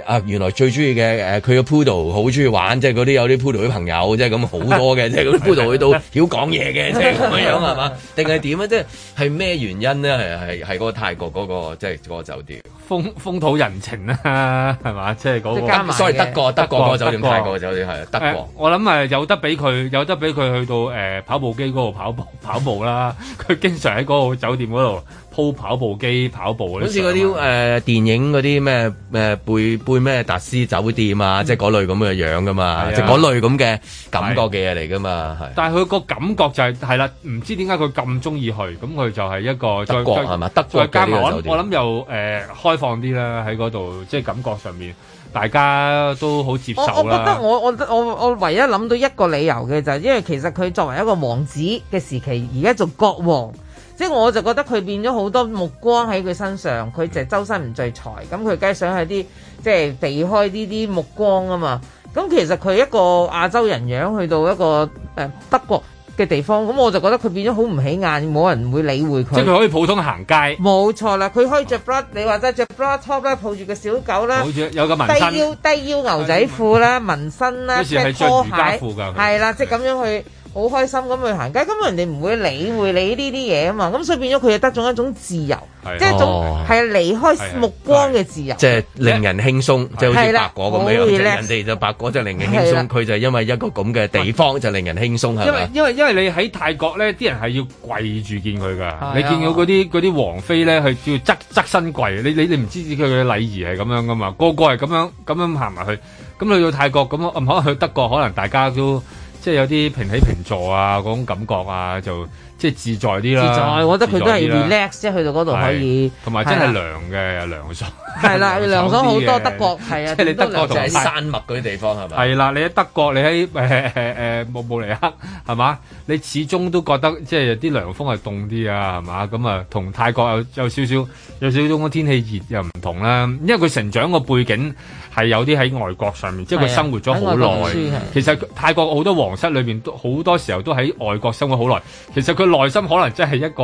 呃原來最中意嘅誒，佢、呃、嘅 poodle 好中意玩，即係嗰啲有啲 poodle 啲朋友，即係咁好多嘅，即 係 poodle 去到好講嘢嘅，即係咁樣係嘛？定係點啊？即係係咩原因咧？係係係嗰個泰國嗰、嗰個即係嗰個酒店風風土人情啊係嘛、即係嗰個？即係嗰個。即係加埋。所謂德國德國，德國嗰個酒店，泰國酒店係德國。國德國呃、我諗誒，有得俾佢有得俾佢去到誒、呃、跑步機嗰度跑步跑步啦。佢 經常喺嗰個酒店嗰度。鋪跑步機跑步好似嗰啲誒電影嗰啲咩誒背背咩達斯酒店啊，嗯、即係嗰類咁嘅樣噶嘛，啊、即係嗰類咁嘅感覺嘅嘢嚟噶嘛，啊啊、但係佢個感覺就係係啦，唔、啊、知點解佢咁中意去，咁佢就係一個德國係嘛，德國嘅酒店。我我諗又誒、呃、開放啲啦，喺嗰度即係感覺上面大家都好接受啦。我我覺得我我，我唯一諗到一個理由嘅就係、是、因為其實佢作為一個王子嘅時期，而家做國王。即我就覺得佢變咗好多目光喺佢身上，佢就周身唔聚財，咁佢梗係想喺啲即係避開呢啲目光啊嘛。咁其實佢一個亞洲人樣去到一個誒、呃、德國嘅地方，咁我就覺得佢變咗好唔起眼，冇人會理會佢。即佢可以普通行街。冇錯啦，佢可以著 bra，你話齋着 bra top 啦，抱住個小狗啦，低腰低腰牛仔褲啦，紋身啦，咩拖鞋褲㗎，係啦，即係咁樣去。好開心咁去行街，咁人哋唔會理會你呢啲嘢啊嘛，咁所以變咗佢就得咗一種自由，即係、就是、一種係離開目光嘅自由。即係、就是、令人輕鬆，即係好似白果咁樣，即係、就是、人哋就白果就令人輕鬆，佢就因為一個咁嘅地方就令人輕鬆，係嘛？因為因為因為你喺泰國咧，啲人係要跪住見佢噶，你見到嗰啲嗰啲王妃咧，佢要側側身跪，你你你唔知唔知佢嘅禮儀係咁樣噶嘛？個個係咁樣咁樣行埋去，咁去到泰國咁，可能去德國，可能大家都。即係有啲平起平坐啊，嗰 種感覺啊，就即係自在啲啦。自在，自在我覺得佢都係 relax，即係去到嗰度可以。同埋真係涼嘅，涼爽。係 啦，涼爽好多，德國係啊，即係你德國同喺山脈嗰啲地方係咪？係 啦，你喺德國，你喺誒誒慕慕尼黑係嘛？你始終都覺得即係啲涼風係凍啲啊，係嘛？咁啊，同泰國有有少少有少少個天氣熱又唔同啦。因為佢成長嘅背景。係有啲喺外國上面，即係佢生活咗好耐。其實泰國好多皇室裏面都好多時候都喺外國生活好耐。其實佢內心可能真係一個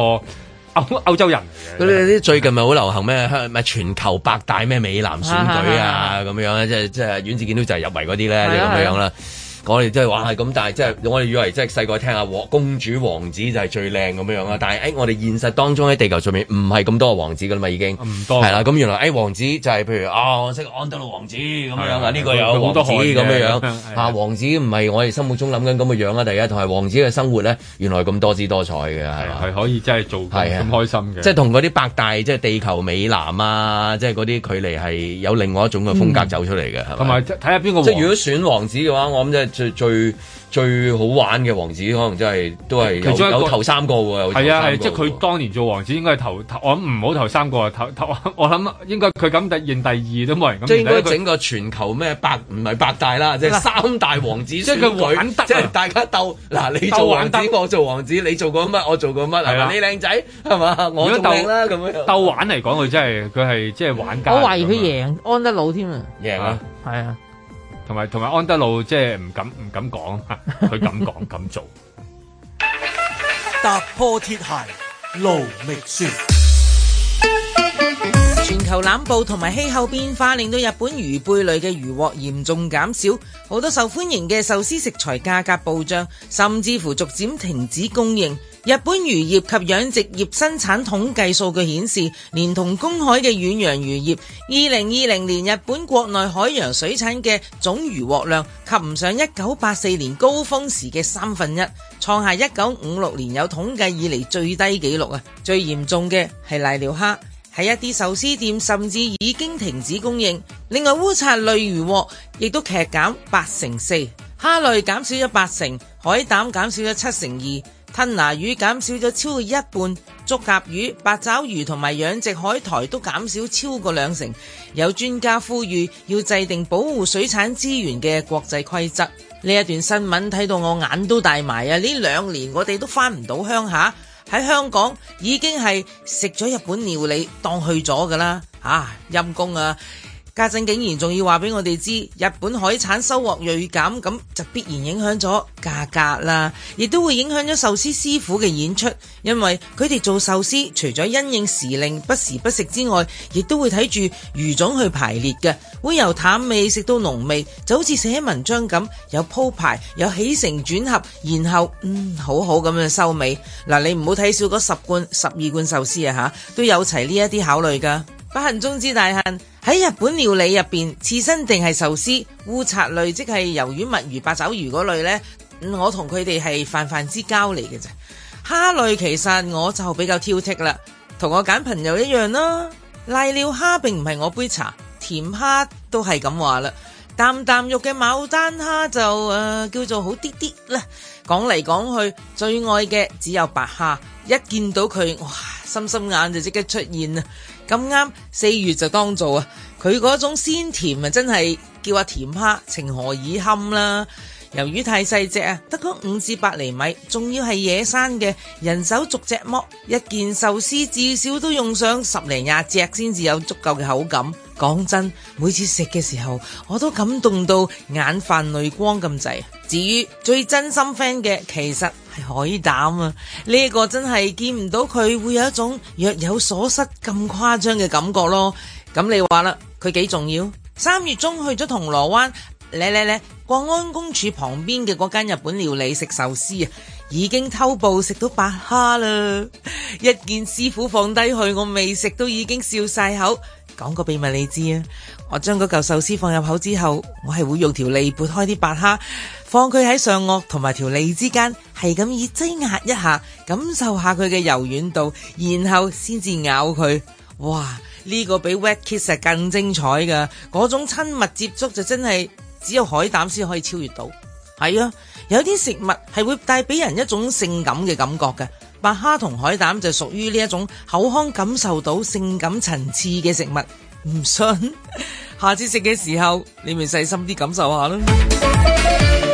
歐，歐洲人嚟嘅。你啲最近咪好流行咩？咪全球百大咩美男選舉啊，咁樣咧，即係即係阮子見都就係入圍嗰啲咧，咁樣啦。我哋即係話係咁，但係即係我哋以為即係細個聽下公主王子就係最靚咁樣樣啦。但係誒、哎，我哋現實當中喺地球上面唔係咁多王子噶嘛已經，係、啊、啦。咁、啊嗯、原來誒、哎、王子就係譬如啊，我識安德魯王子咁樣啊，呢、啊呢個有王子咁樣樣啊。王子唔係、啊啊、我哋心目中諗緊咁嘅樣，樣啊。第一同埋王子嘅生活咧，原來咁多姿多彩嘅係，係、啊啊、可以真係做咁、啊、開心嘅。即係同嗰啲百大即係、就是、地球美男啊，即係嗰啲距離係有另外一種嘅風格走出嚟嘅。同埋睇下邊個。即係如果選王子嘅話，我諗就係。最最最好玩嘅王子，可能真、就、係、是、都係有，有，有頭三個喎。係啊係，即係佢當年做王子應該，應該係頭頭。我諗唔好頭三個，頭頭。我諗應該佢咁第贏第二都冇人咁。即係應該整個全球咩百唔係百大啦，即係三大王子。即係佢玩得，即係大家鬥。嗱，你做王子，我做王子，你做過乜，我做過乜。係你靚仔係嘛，我仲靚啦咁樣。鬥玩嚟講，佢真係佢係即係玩家。我懷疑佢贏安德魯添啊。贏啊！係啊。同埋同埋安德路，即係唔敢唔敢講，佢敢講敢做， 踏破鐵鞋路未絕。全球暖化同埋氣候變化令到日本魚貝類嘅魚獲嚴重減少，好多受歡迎嘅壽司食材價格暴漲，甚至乎逐漸停止供應。日本漁業及養殖業生產統計數據顯示，連同公海嘅遠洋漁業，二零二零年日本國內海洋水產嘅總魚獲量及唔上一九八四年高峰時嘅三分一，創下一九五六年有統計以嚟最低紀錄啊！最嚴重嘅係瀨尿蝦。喺一啲壽司店甚至已經停止供應，另外烏賊類魚獲亦都劇減八成四，蝦類減少咗八成，海膽減少咗七成二，吞拿魚減少咗超過一半，竹莢魚、八爪魚同埋養殖海苔都減少超過兩成。有專家呼籲要制定保護水產資源嘅國際規則。呢一段新聞睇到我眼都大埋啊！呢兩年我哋都返唔到鄉下。喺香港已經係食咗日本料理當去咗㗎喇，啊，陰公啊！家陣竟然仲要話俾我哋知，日本海產收穫銳減，咁就必然影響咗價格啦，亦都會影響咗壽司師傅嘅演出，因為佢哋做壽司除咗因應時令不時不食之外，亦都會睇住魚種去排列嘅，會由淡味食到濃味，就好似寫文章咁，有鋪排，有起承轉合，然後嗯好好咁樣收尾嗱。你唔好睇少嗰十罐十二罐壽司啊，吓都有齊呢一啲考慮噶。不幸中之大幸。喺日本料理入面，刺身定係壽司、烏賊類，即係魷魚、墨魚、八爪魚嗰類呢。我同佢哋係泛泛之交嚟嘅啫。蝦類其實我就比較挑剔啦，同我揀朋友一樣啦。瀨尿蝦並唔係我杯茶，甜蝦都係咁話啦。啖啖肉嘅牡丹蝦就誒、呃、叫做好啲啲啦。講嚟講去，最愛嘅只有白蝦，一見到佢，哇，心心眼就即刻出現啦。咁啱四月就當造啊！佢嗰種鮮甜啊，真係叫阿甜蝦，情何以堪啦！由於太細隻啊，得嗰五至八厘米，仲要係野生嘅，人手逐隻剝，一件壽司至少都用上十零廿隻先至有足夠嘅口感。講真，每次食嘅時候，我都感動到眼泛淚光咁滯。至於最真心 friend 嘅，其實。係海膽啊！呢個真係見唔到佢，會有一種若有所失咁誇張嘅感覺咯。咁你話啦，佢幾重要？三月中去咗銅鑼灣，咧咧咧，國安公署旁邊嘅嗰間日本料理食壽司啊，已經偷步食到白蝦啦！一見師傅放低去，我未食都已經笑晒口。講個秘密你知啊，我將嗰嚿壽司放入口之後，我係會用條脷撥開啲白蝦。放佢喺上顎同埋條脷之間，係咁意擠壓一下，感受下佢嘅柔軟度，然後先至咬佢。哇！呢個比 wet kiss 更精彩噶，嗰種親密接觸就真係只有海膽先可以超越到。係啊，有啲食物係會帶俾人一種性感嘅感覺嘅，白蝦同海膽就屬於呢一種口腔感受到性感層次嘅食物。唔信，下次食嘅時候你咪細心啲感受下囉。